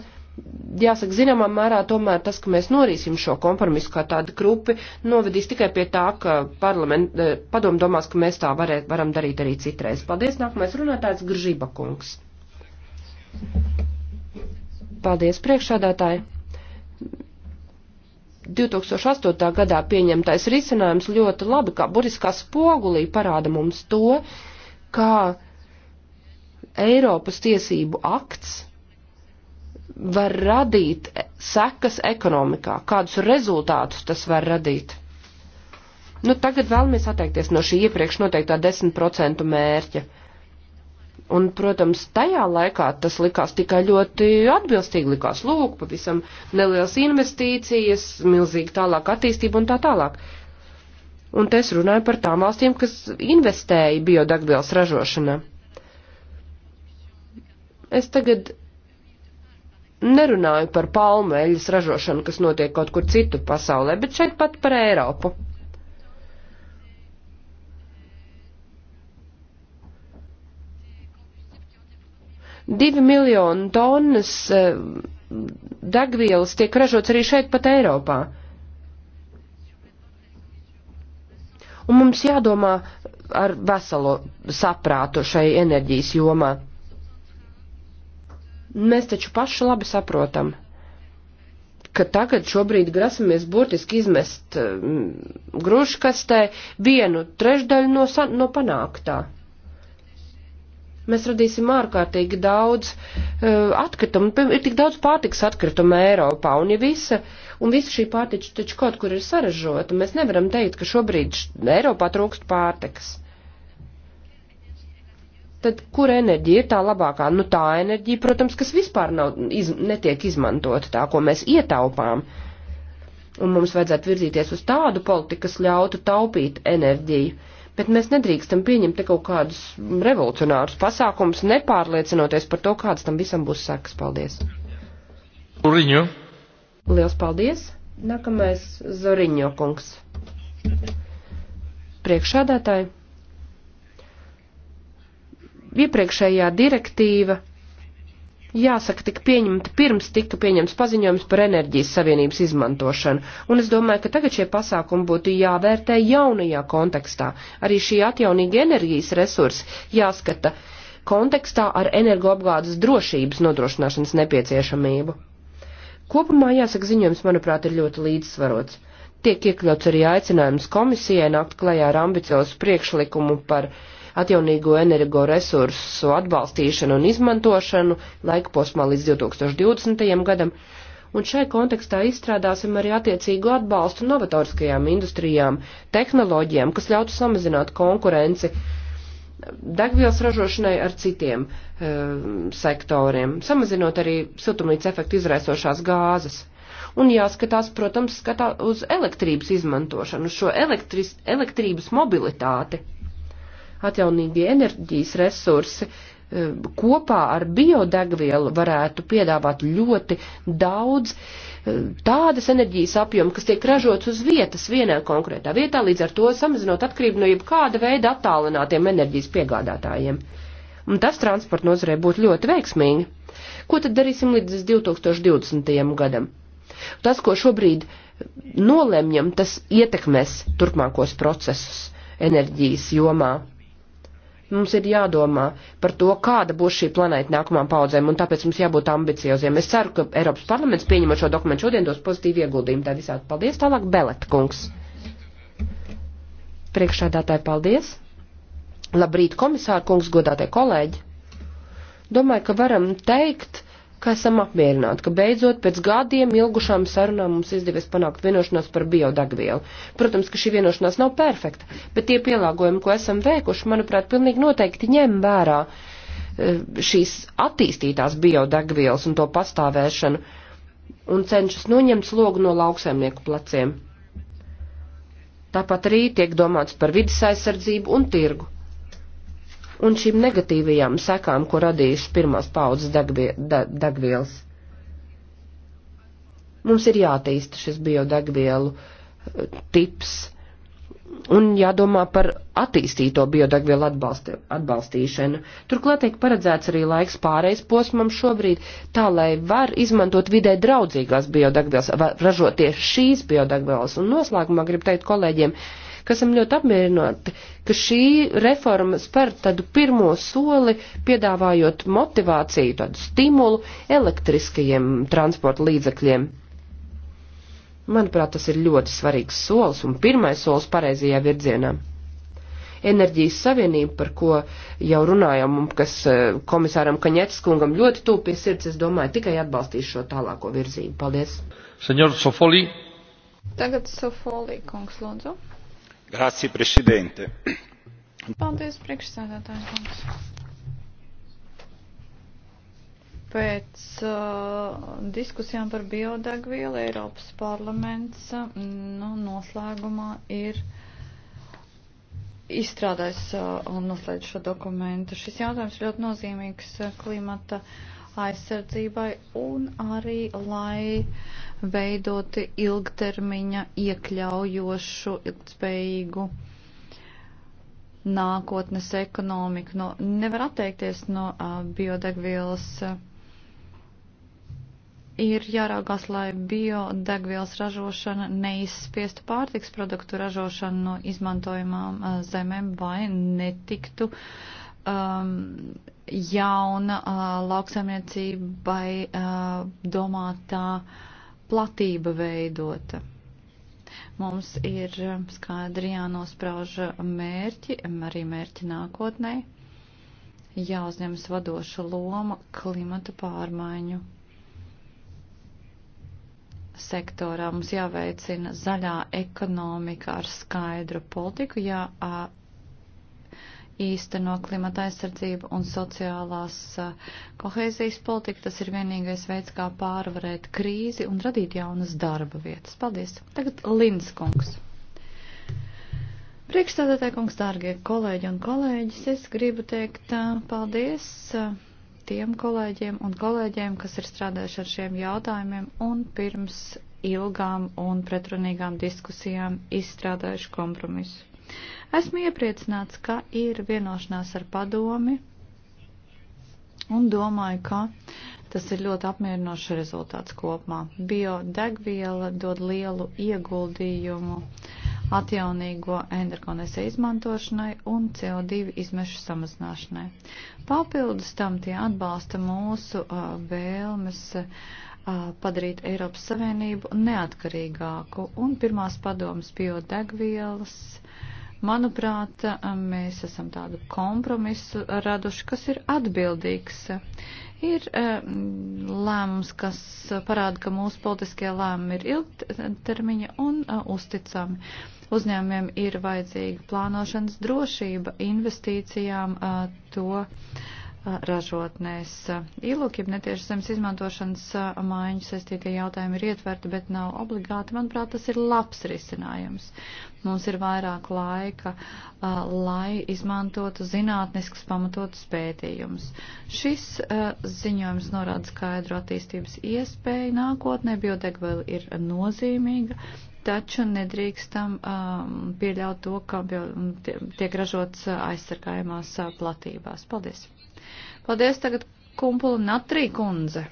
jāsaka, zināmā mērā tomēr tas, ka mēs norīsim šo kompromisu kā tādu grupi, novedīs tikai pie tā, ka parlament, eh, padom domās, ka mēs tā varē, varam darīt arī citreiz. Paldies, nākamais runātājs Gržība kungs. Paldies, priekšādātāji. 2008. gadā pieņemtais risinājums ļoti labi, kā buriskā spogulī parāda mums to, kā Eiropas tiesību akts var radīt sekas ekonomikā, kādus rezultātus tas var radīt. Nu, tagad vēlamies atteikties no šī iepriekš noteiktā 10% mērķa. Un, protams, tajā laikā tas likās tikai ļoti atbilstīgi, likās lūk, pavisam nelielas investīcijas, milzīgi tālāk attīstība un tā tālāk. Un te es runāju par tām valstīm, kas investēja biodegvielas ražošanā. Es tagad nerunāju par palmu eļas ražošanu, kas notiek kaut kur citu pasaulē, bet šeit pat par Eiropu. Divi miljoni tonnas e, degvielas tiek ražots arī šeit pat Eiropā. Un mums jādomā ar veselo saprātu šai enerģijas jomā. Mēs taču paši labi saprotam, ka tagad šobrīd grasamies burtiski izmest mm, grūškastē vienu trešdaļu no, no panāktā mēs radīsim ārkārtīgi daudz uh, atkritumu, ir tik daudz pārtiks atkritumu Eiropā, un ja visa, un visa šī pārtiks taču kaut kur ir saražota, mēs nevaram teikt, ka šobrīd Eiropā trūkst pārtiks. Tad kur enerģija ir tā labākā? Nu tā enerģija, protams, kas vispār nav, iz, netiek izmantota, tā, ko mēs ietaupām. Un mums vajadzētu virzīties uz tādu politiku, kas ļautu taupīt enerģiju. Bet mēs nedrīkstam pieņemt kaut kādus revolucionārus pasākumus, nepārliecinoties par to, kāds tam visam būs sekas. Paldies! Zoriņo! Liels paldies! Nākamais Zoriņo kungs. Priekšādātāji! iepriekšējā direktīva, jāsaka, tika pieņemta pirms tika pieņemts paziņojums par enerģijas savienības izmantošanu, un es domāju, ka tagad šie pasākumi būtu jāvērtē jaunajā kontekstā. Arī šī atjaunīga enerģijas resursa jāskata kontekstā ar energoapgādes drošības nodrošināšanas nepieciešamību. Kopumā jāsaka ziņojums, manuprāt, ir ļoti līdzsvarots. Tiek iekļauts arī aicinājums komisijai nākt klajā ar ambiciozu priekšlikumu par uh, atjaunīgo energoresursu atbalstīšanu un izmantošanu laika posmā līdz 2020. gadam, un šai kontekstā izstrādāsim arī attiecīgu atbalstu novatoriskajām industrijām, tehnoloģijām, kas ļautu samazināt konkurenci degvielas ražošanai ar citiem e, sektoriem, samazinot arī siltumnīca efektu izraisošās gāzes. Un jāskatās, protams, skatā uz elektrības izmantošanu, uz šo elektris, elektrības mobilitāti atjaunīgie enerģijas resursi e, kopā ar biodegvielu varētu piedāvāt ļoti daudz e, tādas enerģijas apjomu, kas tiek ražots uz vietas vienā konkrētā vietā, līdz ar to samazinot atkarību no jebkāda veida attālinātiem enerģijas piegādātājiem. Un tas transporta nozarē būtu ļoti veiksmīgi. Ko tad darīsim līdz 2020. gadam? Tas, ko šobrīd nolemjam, tas ietekmēs turpmākos procesus enerģijas jomā Mums ir jādomā par to, kāda būs šī planēta nākamām paudzēm, un tāpēc mums jābūt ambicioziem. Es ceru, ka Eiropas parlaments pieņemot šo dokumentu šodien dos pozitīvu ieguldījumu. Tā visā. Paldies tālāk, Belet kungs. Priekšādātāji, paldies. Labrīt, komisāra kungs, godātie kolēģi. Domāju, ka varam teikt, ka esam apmierināti, ka beidzot pēc gadiem ilgušām sarunām mums izdevies panākt vienošanos par biodegvielu. Protams, ka šī vienošanās nav perfekta, bet tie pielāgojumi, ko esam veikuši, manuprāt, pilnīgi noteikti ņem vērā eh, šīs attīstītās biodegvielas un to pastāvēšanu un cenšas noņemt slogu no lauksaimnieku pleciem. Tāpat arī tiek domāts par vidas aizsardzību un tirgu un šīm negatīvajām sekām, ko radījuši pirmās paudzes degvie, da, degvielas. Mums ir jātīsta šis biodegvielu eh, tips un jādomā par attīstīto biodegvielu atbalsti, atbalstīšanu. Turklāt tiek paredzēts arī laiks pārejas posmam šobrīd, tā lai var izmantot vidē draudzīgās biodegvielas, ražot tieši šīs biodegvielas. Un noslēgumā gribu teikt kolēģiem, uh, ka esam ļoti apmierināti, ka šī reforma spēr tādu pirmo soli, piedāvājot motivāciju, tādu stimulu elektriskajiem transporta līdzekļiem. Manuprāt, tas ir ļoti svarīgs solis un pirmais solis pareizajā virzienā. Enerģijas savienība, par ko jau runājām, un kas e, komisāram Kaņetskungam ļoti tūp pie sirds, es domāju, tikai atbalstīs šo tālāko virzību. Paldies! Senjor Sofoli! Tagad Sofoli, kungs, lūdzu. Grācija prešidente. Paldies, priekšsēdētājs kungs. Pēc uh, diskusijām par biodegvielu Eiropas parlaments uh, nu, noslēgumā ir izstrādājis uh, un noslēdz šo dokumentu. Šis jautājums ļoti nozīmīgs uh, klimata aizsardzībai un arī, lai uh, veidoti ilgtermiņa, iekļaujošu, ilgspējīgu nākotnes ekonomiku. No, nu, nevar atteikties no uh, biodegvielas. Ir jāraugās, lai biodegvielas ražošana neizspiestu pārtiks produktu ražošanu no izmantojumām uh, zemēm vai netiktu um, jauna uh, lauksamniecībai uh, domātā uh, platība veidota. Mums ir skaidri jānosprauž mērķi, arī mērķi nākotnē, jāuzņemas vadoša loma klimata pārmaiņu sektorā. Mums jāveicina zaļā ekonomika ar skaidru politiku, jā, īsteno klimata aizsardzību un sociālās eh, kohēzijas politiku. Tas ir vienīgais veids, kā pārvarēt krīzi un radīt jaunas darba vietas. Paldies! Tagad Lins kungs. Priekšstādātāji kungs, dārgie kolēģi un kolēģis, es gribu teikt eh, paldies eh, tiem kolēģiem un kolēģiem, kas ir strādājuši ar šiem jautājumiem un pirms ilgām un pretrunīgām diskusijām izstrādājuši kompromisu. Esmu iepriecināts, ka ir vienošanās ar padomi un domāju, ka tas ir ļoti apmierinošs rezultāts kopumā. Biodegviela dod lielu ieguldījumu atjaunīgo energonesē izmantošanai un CO2 izmešu samazināšanai. Papildus tam tie atbalsta mūsu uh, vēlmes uh, padarīt Eiropas Savienību neatkarīgāku un pirmās padomas biodegvielas Manuprāt, mēs esam tādu kompromisu raduši, kas ir atbildīgs. Ir eh, lēmums, kas parāda, ka mūsu politiskie lēmumi ir ilgtermiņa un eh, uzticami. Uzņēmumiem ir vajadzīga plānošanas drošība investīcijām eh, to ražotnēs. Ilūkiem netieši zemes izmantošanas mājiņu saistītie jautājumi ir ietverti, bet nav obligāti. Manuprāt, tas ir labs risinājums. Mums ir vairāk laika, lai izmantotu zinātniskus pamatotus pētījumus. Šis ziņojums norāda skaidru attīstības iespēju nākotnē. Biodegviela ir nozīmīga, taču nedrīkstam um, pieļaut to, ka tiek ražots aizsargājumās platībās. Paldies! Paldies tagad kumpulu Natrī kundze.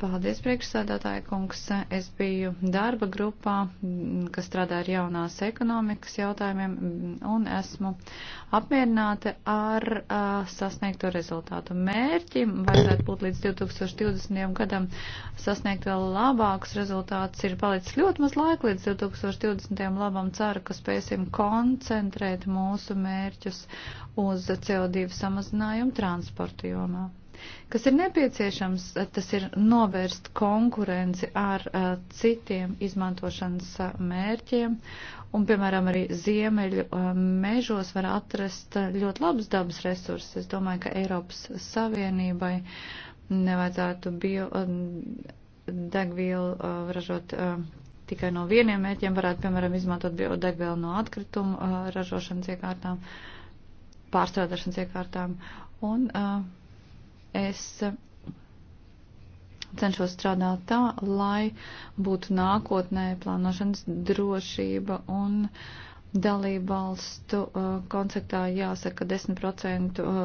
Paldies, priekšsādātāja kungs. Es biju darba grupā, mm, kas strādā ar jaunās ekonomikas jautājumiem, mm, un esmu apmierināta ar uh, sasniegto rezultātu. Mērķim vajadzētu būt līdz 2020. gadam sasniegt vēl labākus rezultātus. Ir palicis ļoti maz laika līdz 2020. labam ceru, ka spēsim koncentrēt mūsu mērķus uz CO2 samazinājumu transporta jomā. Kas ir nepieciešams, tas ir novērst konkurenci ar uh, citiem izmantošanas uh, mērķiem. Un, piemēram, arī ziemeļu uh, mežos var atrast uh, ļoti labus dabas resursus. Es domāju, ka Eiropas Savienībai nevajadzētu bio. Uh, degvielu uh, ražot uh, tikai no vieniem mērķiem, varētu, piemēram, izmantot biodegvielu no atkritumu uh, ražošanas iekārtām, pārstrādāšanas iekārtām. Un, uh, es eh, cenšos strādāt tā, lai būtu nākotnē plānošanas drošība un dalību valstu eh, konceptā jāsaka 10% eh,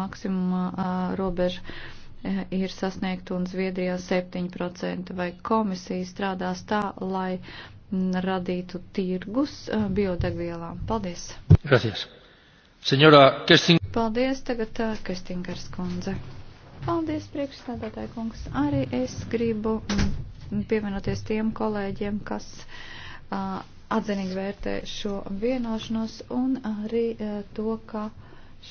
maksimuma robeža ir sasniegta un Zviedrijā 7%, vai komisija strādās tā, lai radītu tirgus biodegvielām. Paldies! Gracias. Senora Kesting. Paldies tagad uh, Kestingers kundze. Paldies, priekšsēdētāji kungs. Arī es gribu mm, pievienoties tiem kolēģiem, kas uh, atzinīgi vērtē šo vienošanos un arī uh, to, ka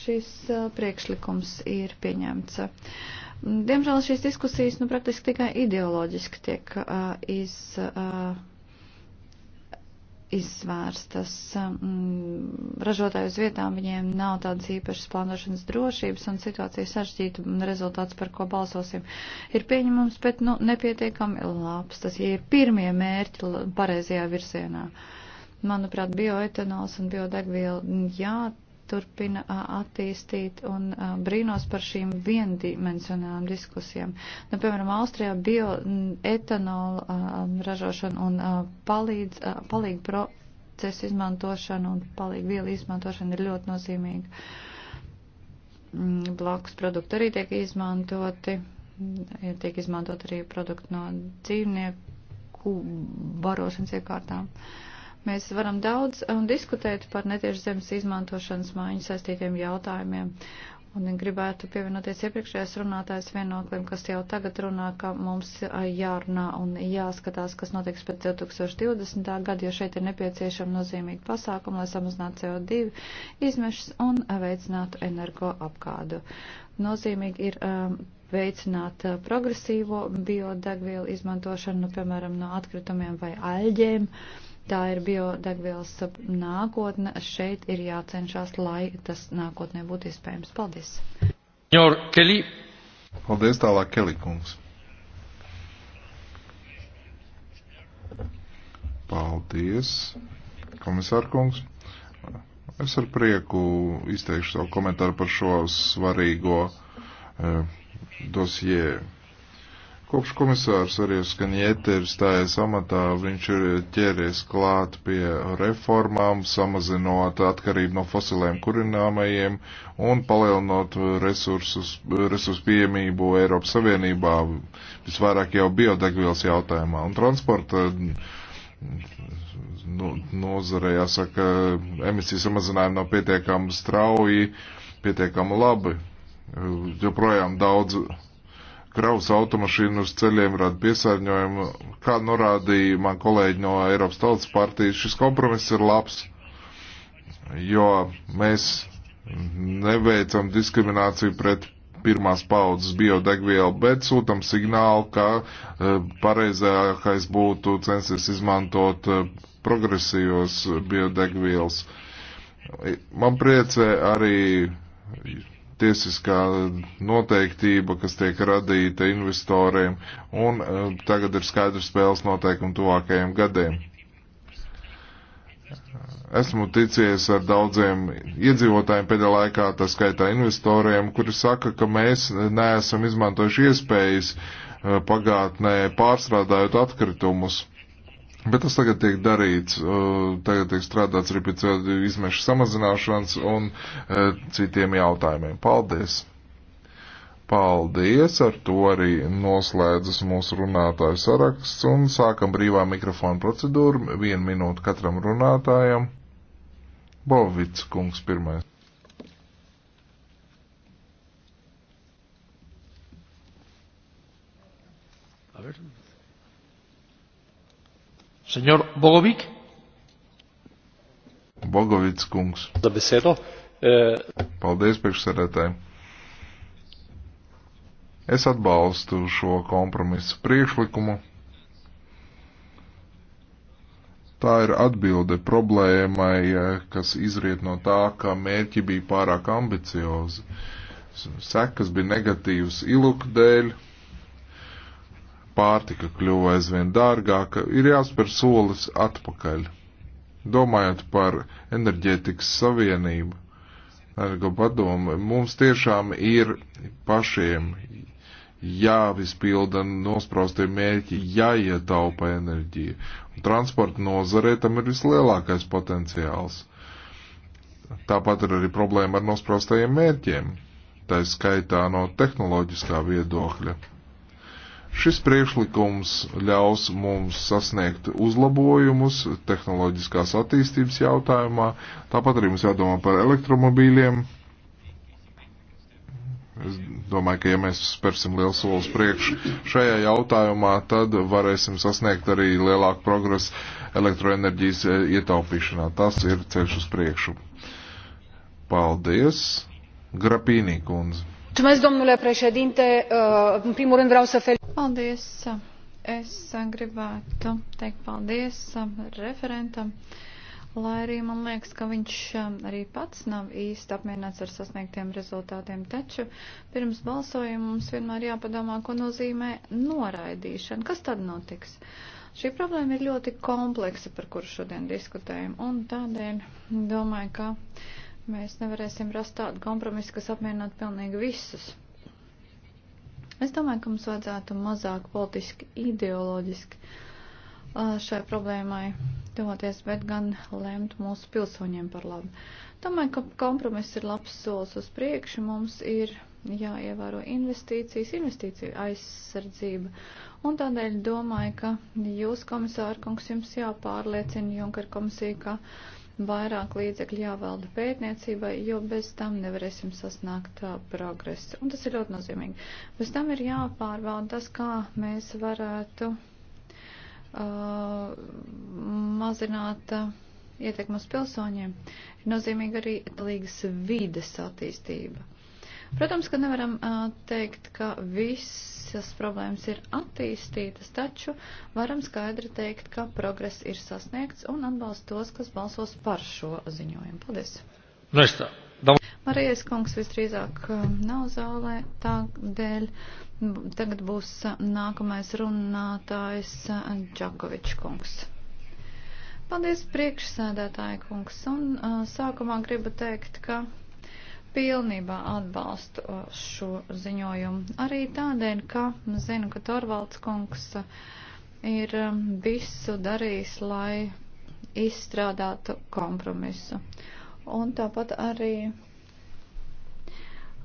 šis uh, priekšlikums ir pieņemts. Mm, diemžēl šīs diskusijas nu, praktiski tikai ideoloģiski tiek uh, iz. Uh, izsvērstas. Mm, ražotāju uz vietām viņiem nav tādas īpašas plānošanas drošības un situācija sarežģīta un rezultāts, par ko balsosim, ir pieņemums, bet nu, nepietiekami labs. Tas ir pirmie mērķi pareizajā virzienā. Manuprāt, bioetanols un biodegviela jā jāturpina attīstīt un brīnos par šīm viendimensionālām diskusijām. Nu, piemēram, Austrijā bioetanola ražošana un palīdz, palīgi procesu izmantošana un palīgi vielu izmantošana ir ļoti nozīmīga. Mm, blakus produkti arī tiek izmantoti, tiek izmantot arī produkti no dzīvnieku barošanas iekārtām. Uh, Mēs varam daudz um, diskutēt par netieši zemes izmantošanas mājiņu saistītiem jautājumiem. Un gribētu pievienoties iepriekšējais runātājs vienokliem, kas jau tagad runā, ka mums uh, jārunā un jāskatās, kas notiks pēc 2020. gada, jo šeit ir nepieciešama nozīmīga pasākuma, lai samazinātu CO2 izmešas un uh, veicinātu energo apkādu. Nozīmīgi ir um, veicināt progresīvo biodegvielu izmantošanu, nu, piemēram, no atkritumiem vai aļģēm. Uh, Tā ir biodegvielas nākotne. Šeit ir jācenšas, lai tas nākotnē būtu iespējams. Paldies! Jor Kelly. Paldies tālāk, Kelly kungs. Paldies, komisār kungs. Es ar prieku izteikšu savu komentāru par šo svarīgo eh, dosieru Kopš komisārs arī skaņieti ir stājies amatā, viņš ir ķēries klāt pie reformām, samazinot atkarību no fosilēm kurināmajiem un palielinot resursus, resursu pieejamību Eiropas Savienībā, visvairāk jau biodegvielas jautājumā. Un transporta nu, nozare, jāsaka, emisiju samazinājumi nav pietiekami strauji, pietiekami labi. Joprojām daudz Kravas automašīnu uz ceļiem rada piesārņojumu. Kā norādīja man kolēģi no Eiropas Tautas partijas, šis kompromiss ir labs, jo mēs neveicam diskrimināciju pret pirmās paudzes biodegvielu, bet sūtam signālu, ka e, pareizākais būtu censties izmantot e, progresīvos biodegvielas. Man priecē arī tiesiskā noteiktība, kas tiek radīta investoriem, un e, tagad ir skaidrs spēles noteikumi tuvākajiem gadiem. Esmu ticies ar daudziem iedzīvotājiem pēdējā laikā, tā skaitā investoriem, kuri saka, ka mēs neesam izmantojuši iespējas e, pagātnē pārstrādājot atkritumus Bet tas tagad tiek darīts, tagad tiek strādāts arī pie CO2 izmešu samazināšanas un e, citiem jautājumiem. Paldies! Paldies! Ar to arī noslēdzas mūsu runātāju saraksts un sākam brīvā mikrofona procedūru. Vienu minūtu katram runātājam. Bovits kungs pirmais. Senjor Bogovic? Bogovic kungs. Za besedo. E... Paldies, priekšsēdētāji. Es atbalstu šo kompromisu priekšlikumu. Tā ir atbilde problēmai, e, kas izriet no tā, ka mērķi bija pārāk ambiciozi. Sekas bija negatīvas iluku dēļ, pārtika kļuva aizvien dārgāka, ir jāspēr solis atpakaļ. Domājot par enerģētikas savienību, energo padomu, mums tiešām ir pašiem jāvispilda nospraustie mērķi, jāietaupa enerģija. Transporta nozarē tam ir vislielākais potenciāls. Tāpat ir arī problēma ar nospraustajiem mērķiem, tā skaitā no tehnoloģiskā viedokļa. Šis priekšlikums ļaus mums sasniegt uzlabojumus tehnoloģiskās attīstības jautājumā, tāpat arī mums jādomā par elektromobīļiem. Es domāju, ka ja mēs spērsim lielu soli uz priekšu šajā jautājumā, tad varēsim sasniegt arī lielāku progresu elektroenerģijas e, ietaupīšanā. Tas ir ceļš uz priekšu. Paldies, Grapīnī kundze domnule președinte uh, în primul rând vreau să felicit. paldies es gribētu teikt paldies referentam lai arī man liekas ka viņš arī pats nav īsti apmierināts ar sasniegtiem rezultātiem taču pirms balsojuma mums vienmēr jāpadomā ko nozīmē noraidīšana kas tad notiks šī problēma ir ļoti kompleksa par kuru šodien diskutējam un tādēļ domāju ka Mēs nevarēsim rast tādu kompromisu, kas apmierinātu pilnīgi visus. Es domāju, ka mums vajadzētu mazāk politiski, ideoloģiski šai problēmai doties, bet gan lemt mūsu pilsoņiem par labu. Domāju, ka kompromiss ir labs solis uz priekšu. Mums ir jāievēro investīcijas, investīciju aizsardzība. Un tādēļ domāju, ka jūs, komisāra kungs, jums jāpārliecina Junkar komisija, ka vairāk līdzekļu jāvalda pētniecībai, jo bez tam nevarēsim sasniegt progresu. Un tas ir ļoti nozīmīgi. Bez tam ir jāpārbauda tas, kā mēs varētu uh, mazināt uh, ietekmu uz pilsoņiem. Ir nozīmīgi arī līgas vides attīstība Protams, ka nevaram teikt, ka visas problēmas ir attīstītas, taču varam skaidri teikt, ka progress ir sasniegts un atbalst tos, kas balsos par šo ziņojumu. Paldies! Nesta. Marijas kungs visdrīzāk nav zālē, tādēļ tagad būs nākamais runātājs Džakovičs kungs. Paldies priekšsēdētāji kungs, un sākumā gribu teikt, ka pilnībā atbalstu uh, šo ziņojumu. Arī tādēļ, ka zinu, ka Torvalds kungs uh, ir um, visu darījis, lai izstrādātu kompromisu. Un tāpat arī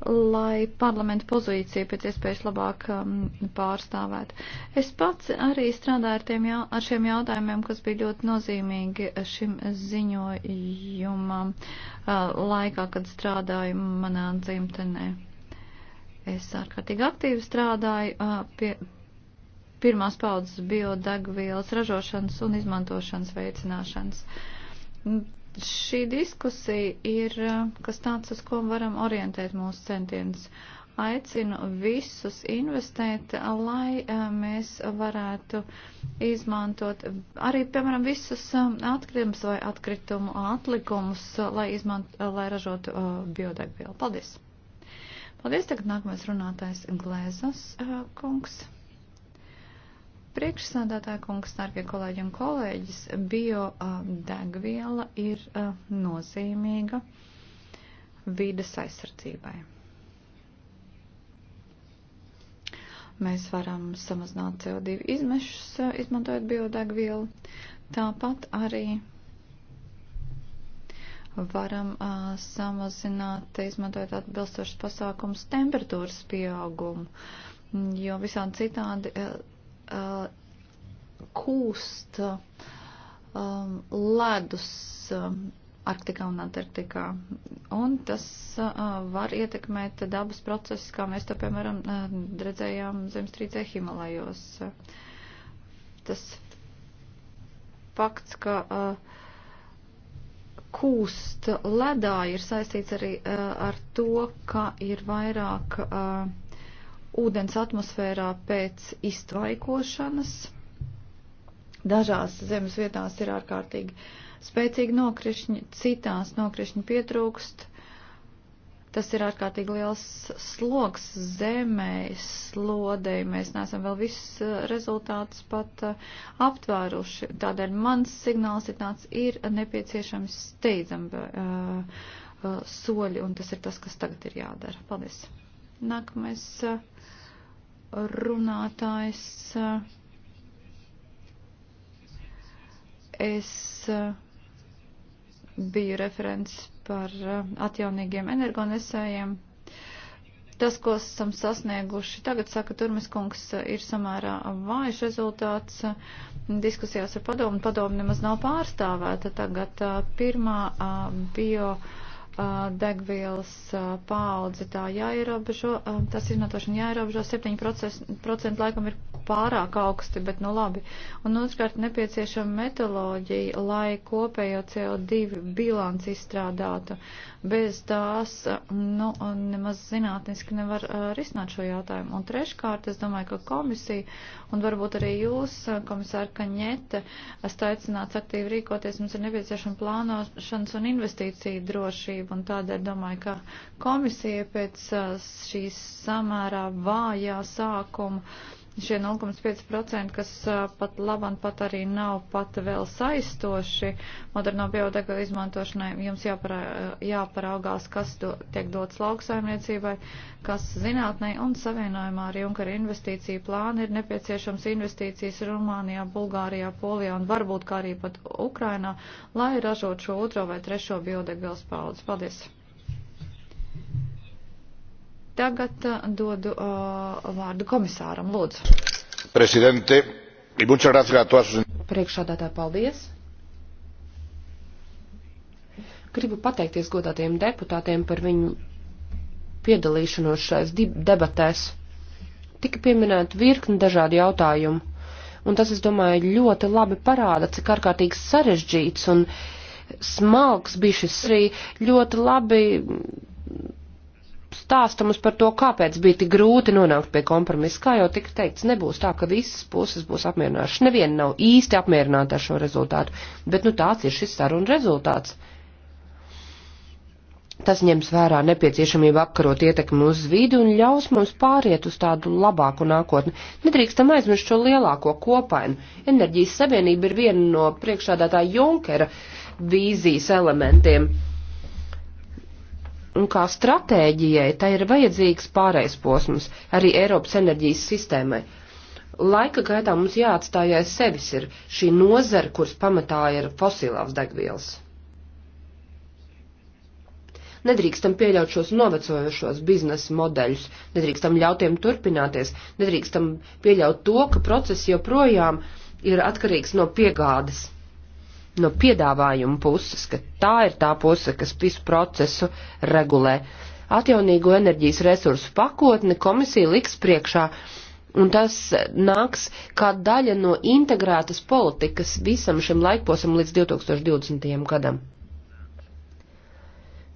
lai parlamentu pozīcija pēc iespējas labāk um, pārstāvētu. Es pats arī strādāju ar, tiem, jā, ar šiem jautājumiem, kas bija ļoti nozīmīgi šim ziņojumam uh, laikā, kad strādāju manā dzimtenē. Es ārkārtīgi aktīvi strādāju uh, pie pirmās paudzes biodegvielas ražošanas un izmantošanas veicināšanas šī diskusija ir eh, kas tāds, uz ko varam orientēt mūsu centienus. Aicinu visus investēt, lai eh, mēs varētu izmantot arī, piemēram, visus eh, atkritumus vai atkritumu atlikumus, lai, izmant, lai ražotu biodegvielu. Paldies! Paldies, tagad nākamais runātājs Glēzas kungs. Priekšsādātāja kungs, dārgie kolēģi un kolēģis, biodegviela ir nozīmīga vides aizsardzībai. Mēs varam samazināt CO2 izmešus, izmantojot biodegvielu. Tāpat arī varam uh, samazināt, izmantojot atbilstošas pasākums temperatūras pieaugumu, jo visādi citādi. Uh, uh, kūst um, ledus um, Arktikā un Antarktikā. Un tas uh, var ietekmēt dabas procesus, kā mēs to, piemēram, uh, redzējām zemstrīcē Himalajos. Tas fakts, ka uh, kūst ledā ir saistīts arī uh, ar to, ka ir vairāk uh, ūdens atmosfērā pēc iztvaikošanas. Dažās zemes vietās ir ārkārtīgi spēcīgi nokrišņi, citās nokrišņi pietrūkst. Tas ir ārkārtīgi liels sloks zemē, slodei. Mēs neesam vēl visus eh, rezultātus pat eh, aptvēruši. Tādēļ mans signāls ir tāds, ir nepieciešams steidzami uh, uh, soļi, un tas ir tas, kas tagad ir jādara. Paldies! Nākamais uh, runātājs. Uh, es uh, biju referents par atjaunīgiem energonesējiem. Tas, ko esam sasnieguši tagad, saka Turmes kungs, ir samērā vājš rezultāts diskusijās ar padomu. Padomu nemaz nav pārstāvēta tagad pirmā bio. Uh, degvielas paudzi tā jāierobežo, tas izmantošana jāierobežo, 7% laikam ir pārāk augsti, bet nu labi. Un otrkārt nepieciešama metoloģija, lai kopējo CO2 bilanci izstrādātu. Bez tās, nu, nemaz zinātniski nevar uh, risināt šo jautājumu. Un treškārt, es domāju, ka komisija un varbūt arī jūs, komisāra Kaņete, esat aicināts aktīvi rīkoties. Mums ir nepieciešama plānošanas un investīcija drošība. Un tādēļ domāju, ka komisija pēc uh, šīs samērā vājā sākuma Šie 0,5%, kas pat laban pat arī nav pat vēl saistoši moderno biodegvielu izmantošanai, jums jāpara, jāparaugās, kas do, tiek dots lauksaimniecībai, kas zinātnei un savienojumā ar Junkara investīciju plānu ir nepieciešams investīcijas Rumānijā, Bulgārijā, Polijā un varbūt kā arī pat Ukrainā, lai ražot šo otro vai trešo biodegvielas paudzes. Paldies! Tagad uh, dodu uh, vārdu komisāram, lūdzu. Presidente, y muchas gracias a todas sus... Priekšādātā paldies. Gribu pateikties godātiem deputātiem par viņu piedalīšanos šais debatēs. Tika pieminēta virkni dažādi jautājumi, un tas, es domāju, ļoti labi parāda, cik ārkārtīgi sarežģīts un smalks bija šis arī ļoti labi stāsta mums par to, kāpēc bija tik grūti nonākt pie kompromisa. Kā jau tika teikts, nebūs tā, ka visas puses būs apmierinājušas. Neviena nav īsti apmierināta ar šo rezultātu, bet nu tāds ir šis saruna rezultāts. Tas ņems vērā nepieciešamību apkarot ietekmi uz vidi un ļaus mums pāriet uz tādu labāku nākotni. Nedrīkstam aizmirst šo lielāko kopainu. Enerģijas savienība ir viena no priekšādātā Junkera vīzijas elementiem. Un kā stratēģijai, tai ir vajadzīgs pārējais posms arī Eiropas enerģijas sistēmai. Laika gaitā mums jāatstāj aiz sevis ir šī nozara, kuras pamatā ir fosilās degvielas. Nedrīkstam pieļaut šos novecojušos biznesa modeļus, nedrīkstam ļautiem turpināties, nedrīkstam pieļaut to, ka process joprojām ir atkarīgs no piegādes no piedāvājuma puses, ka tā ir tā puse, kas visu procesu regulē. Atjaunīgo enerģijas resursu pakotni komisija liks priekšā, un tas nāks kā daļa no integrētas politikas visam šim laikposam līdz 2020. gadam.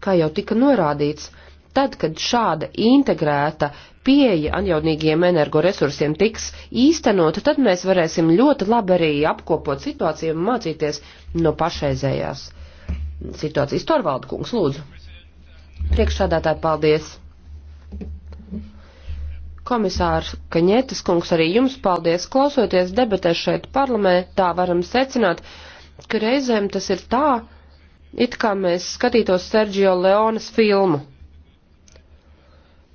Kā jau tika norādīts, tad, kad šāda integrēta pieeja anjaunīgiem energoresursiem tiks īstenota, tad mēs varēsim ļoti labi arī apkopot situāciju un mācīties no pašreizējās situācijas. Torvalda kungs, lūdzu. Priekšsādātāji, paldies. Komisārs Kaņetas kungs, arī jums paldies. Klausoties debatēs šeit parlamentā, varam secināt, ka reizēm tas ir tā, it kā mēs skatītos Sergio Leonas filmu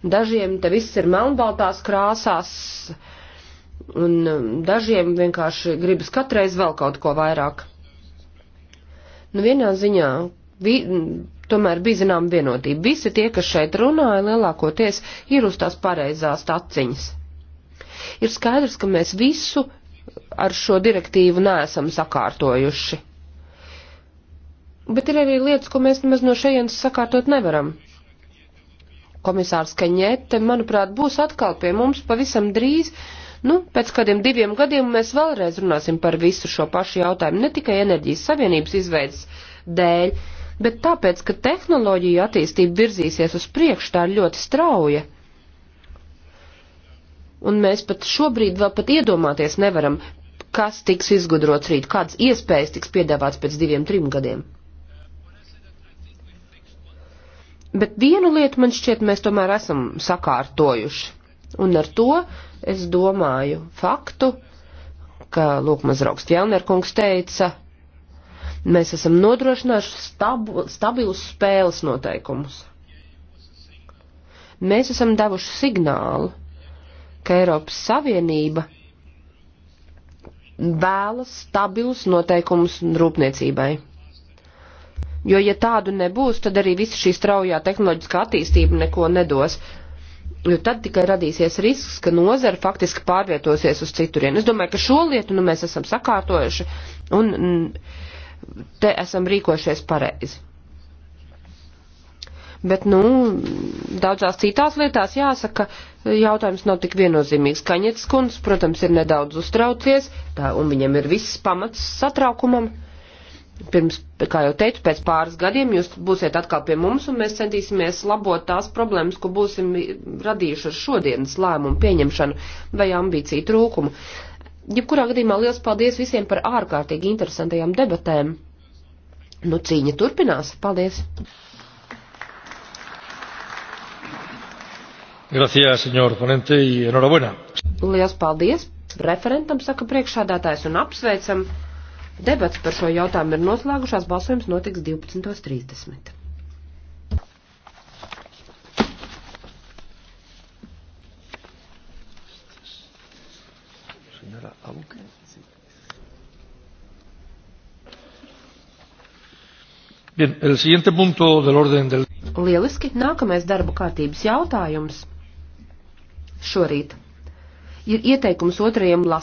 Dažiem te viss ir melnbaltās krāsās, un um, dažiem vienkārši gribas katreiz vēl kaut ko vairāk. Nu, vienā ziņā vi, tomēr bija zinām vienotība. Visi tie, kas šeit runāja, lielākoties ir uz tās pareizās taciņas. Ir skaidrs, ka mēs visu ar šo direktīvu neesam sakārtojuši. Bet ir arī lietas, ko mēs nemaz no šejienes sakārtot nevaram komisārs Kaņete, manuprāt, būs atkal pie mums pavisam drīz. Nu, pēc kādiem diviem gadiem mēs vēlreiz runāsim par visu šo pašu jautājumu, ne tikai enerģijas savienības izveidas dēļ, bet tāpēc, ka tehnoloģija attīstība virzīsies uz priekšu, tā ir ļoti strauja un mēs pat šobrīd vēl pat iedomāties nevaram, kas tiks izgudrots rīt, kādas iespējas tiks piedāvāts pēc diviem, trim gadiem. Bet vienu lietu man šķiet mēs tomēr esam sakārtojuši. Un ar to es domāju faktu, ka Lūk Mazraugs Tjelnerkungs teica, mēs esam nodrošinājuši stabu, stabilus spēles noteikumus. Mēs esam devuši signālu, ka Eiropas Savienība vēlas stabilus noteikumus rūpniecībai. Jo, ja tādu nebūs, tad arī visa šī straujā tehnoloģiskā attīstība neko nedos. Jo tad tikai radīsies risks, ka nozara faktiski pārvietosies uz citurienu. Es domāju, ka šo lietu nu, mēs esam sakārtojuši un te esam rīkojušies pareizi. Bet, nu, daudzās citās lietās jāsaka, jautājums nav tik viennozīmīgs. Kaņets kundz, protams, ir nedaudz uztraucies, tā, un viņam ir viss pamats satraukumam. Uh, pirms, kā jau teicu, pēc pāris gadiem jūs būsiet atkal pie mums un mēs centīsimies labot tās problēmas, ko būsim radījuši ar šodienas lēmumu pieņemšanu vai ambīciju trūkumu. Jebkurā gadījumā liels paldies visiem par ārkārtīgi interesantajām debatēm. Nu, cīņa turpinās. Paldies! Gracias, señor ponente, y enhorabuena. Liels paldies referentam, saka priekšādātājs, un apsveicam. Debats par šo jautājumu ir noslēgušās, balsojums notiks 12.30. Bien, el siguiente punto del orden del... Lieliski, nākamais darba kārtības jautājums šorīt ir ieteikums otrajam lasījumam.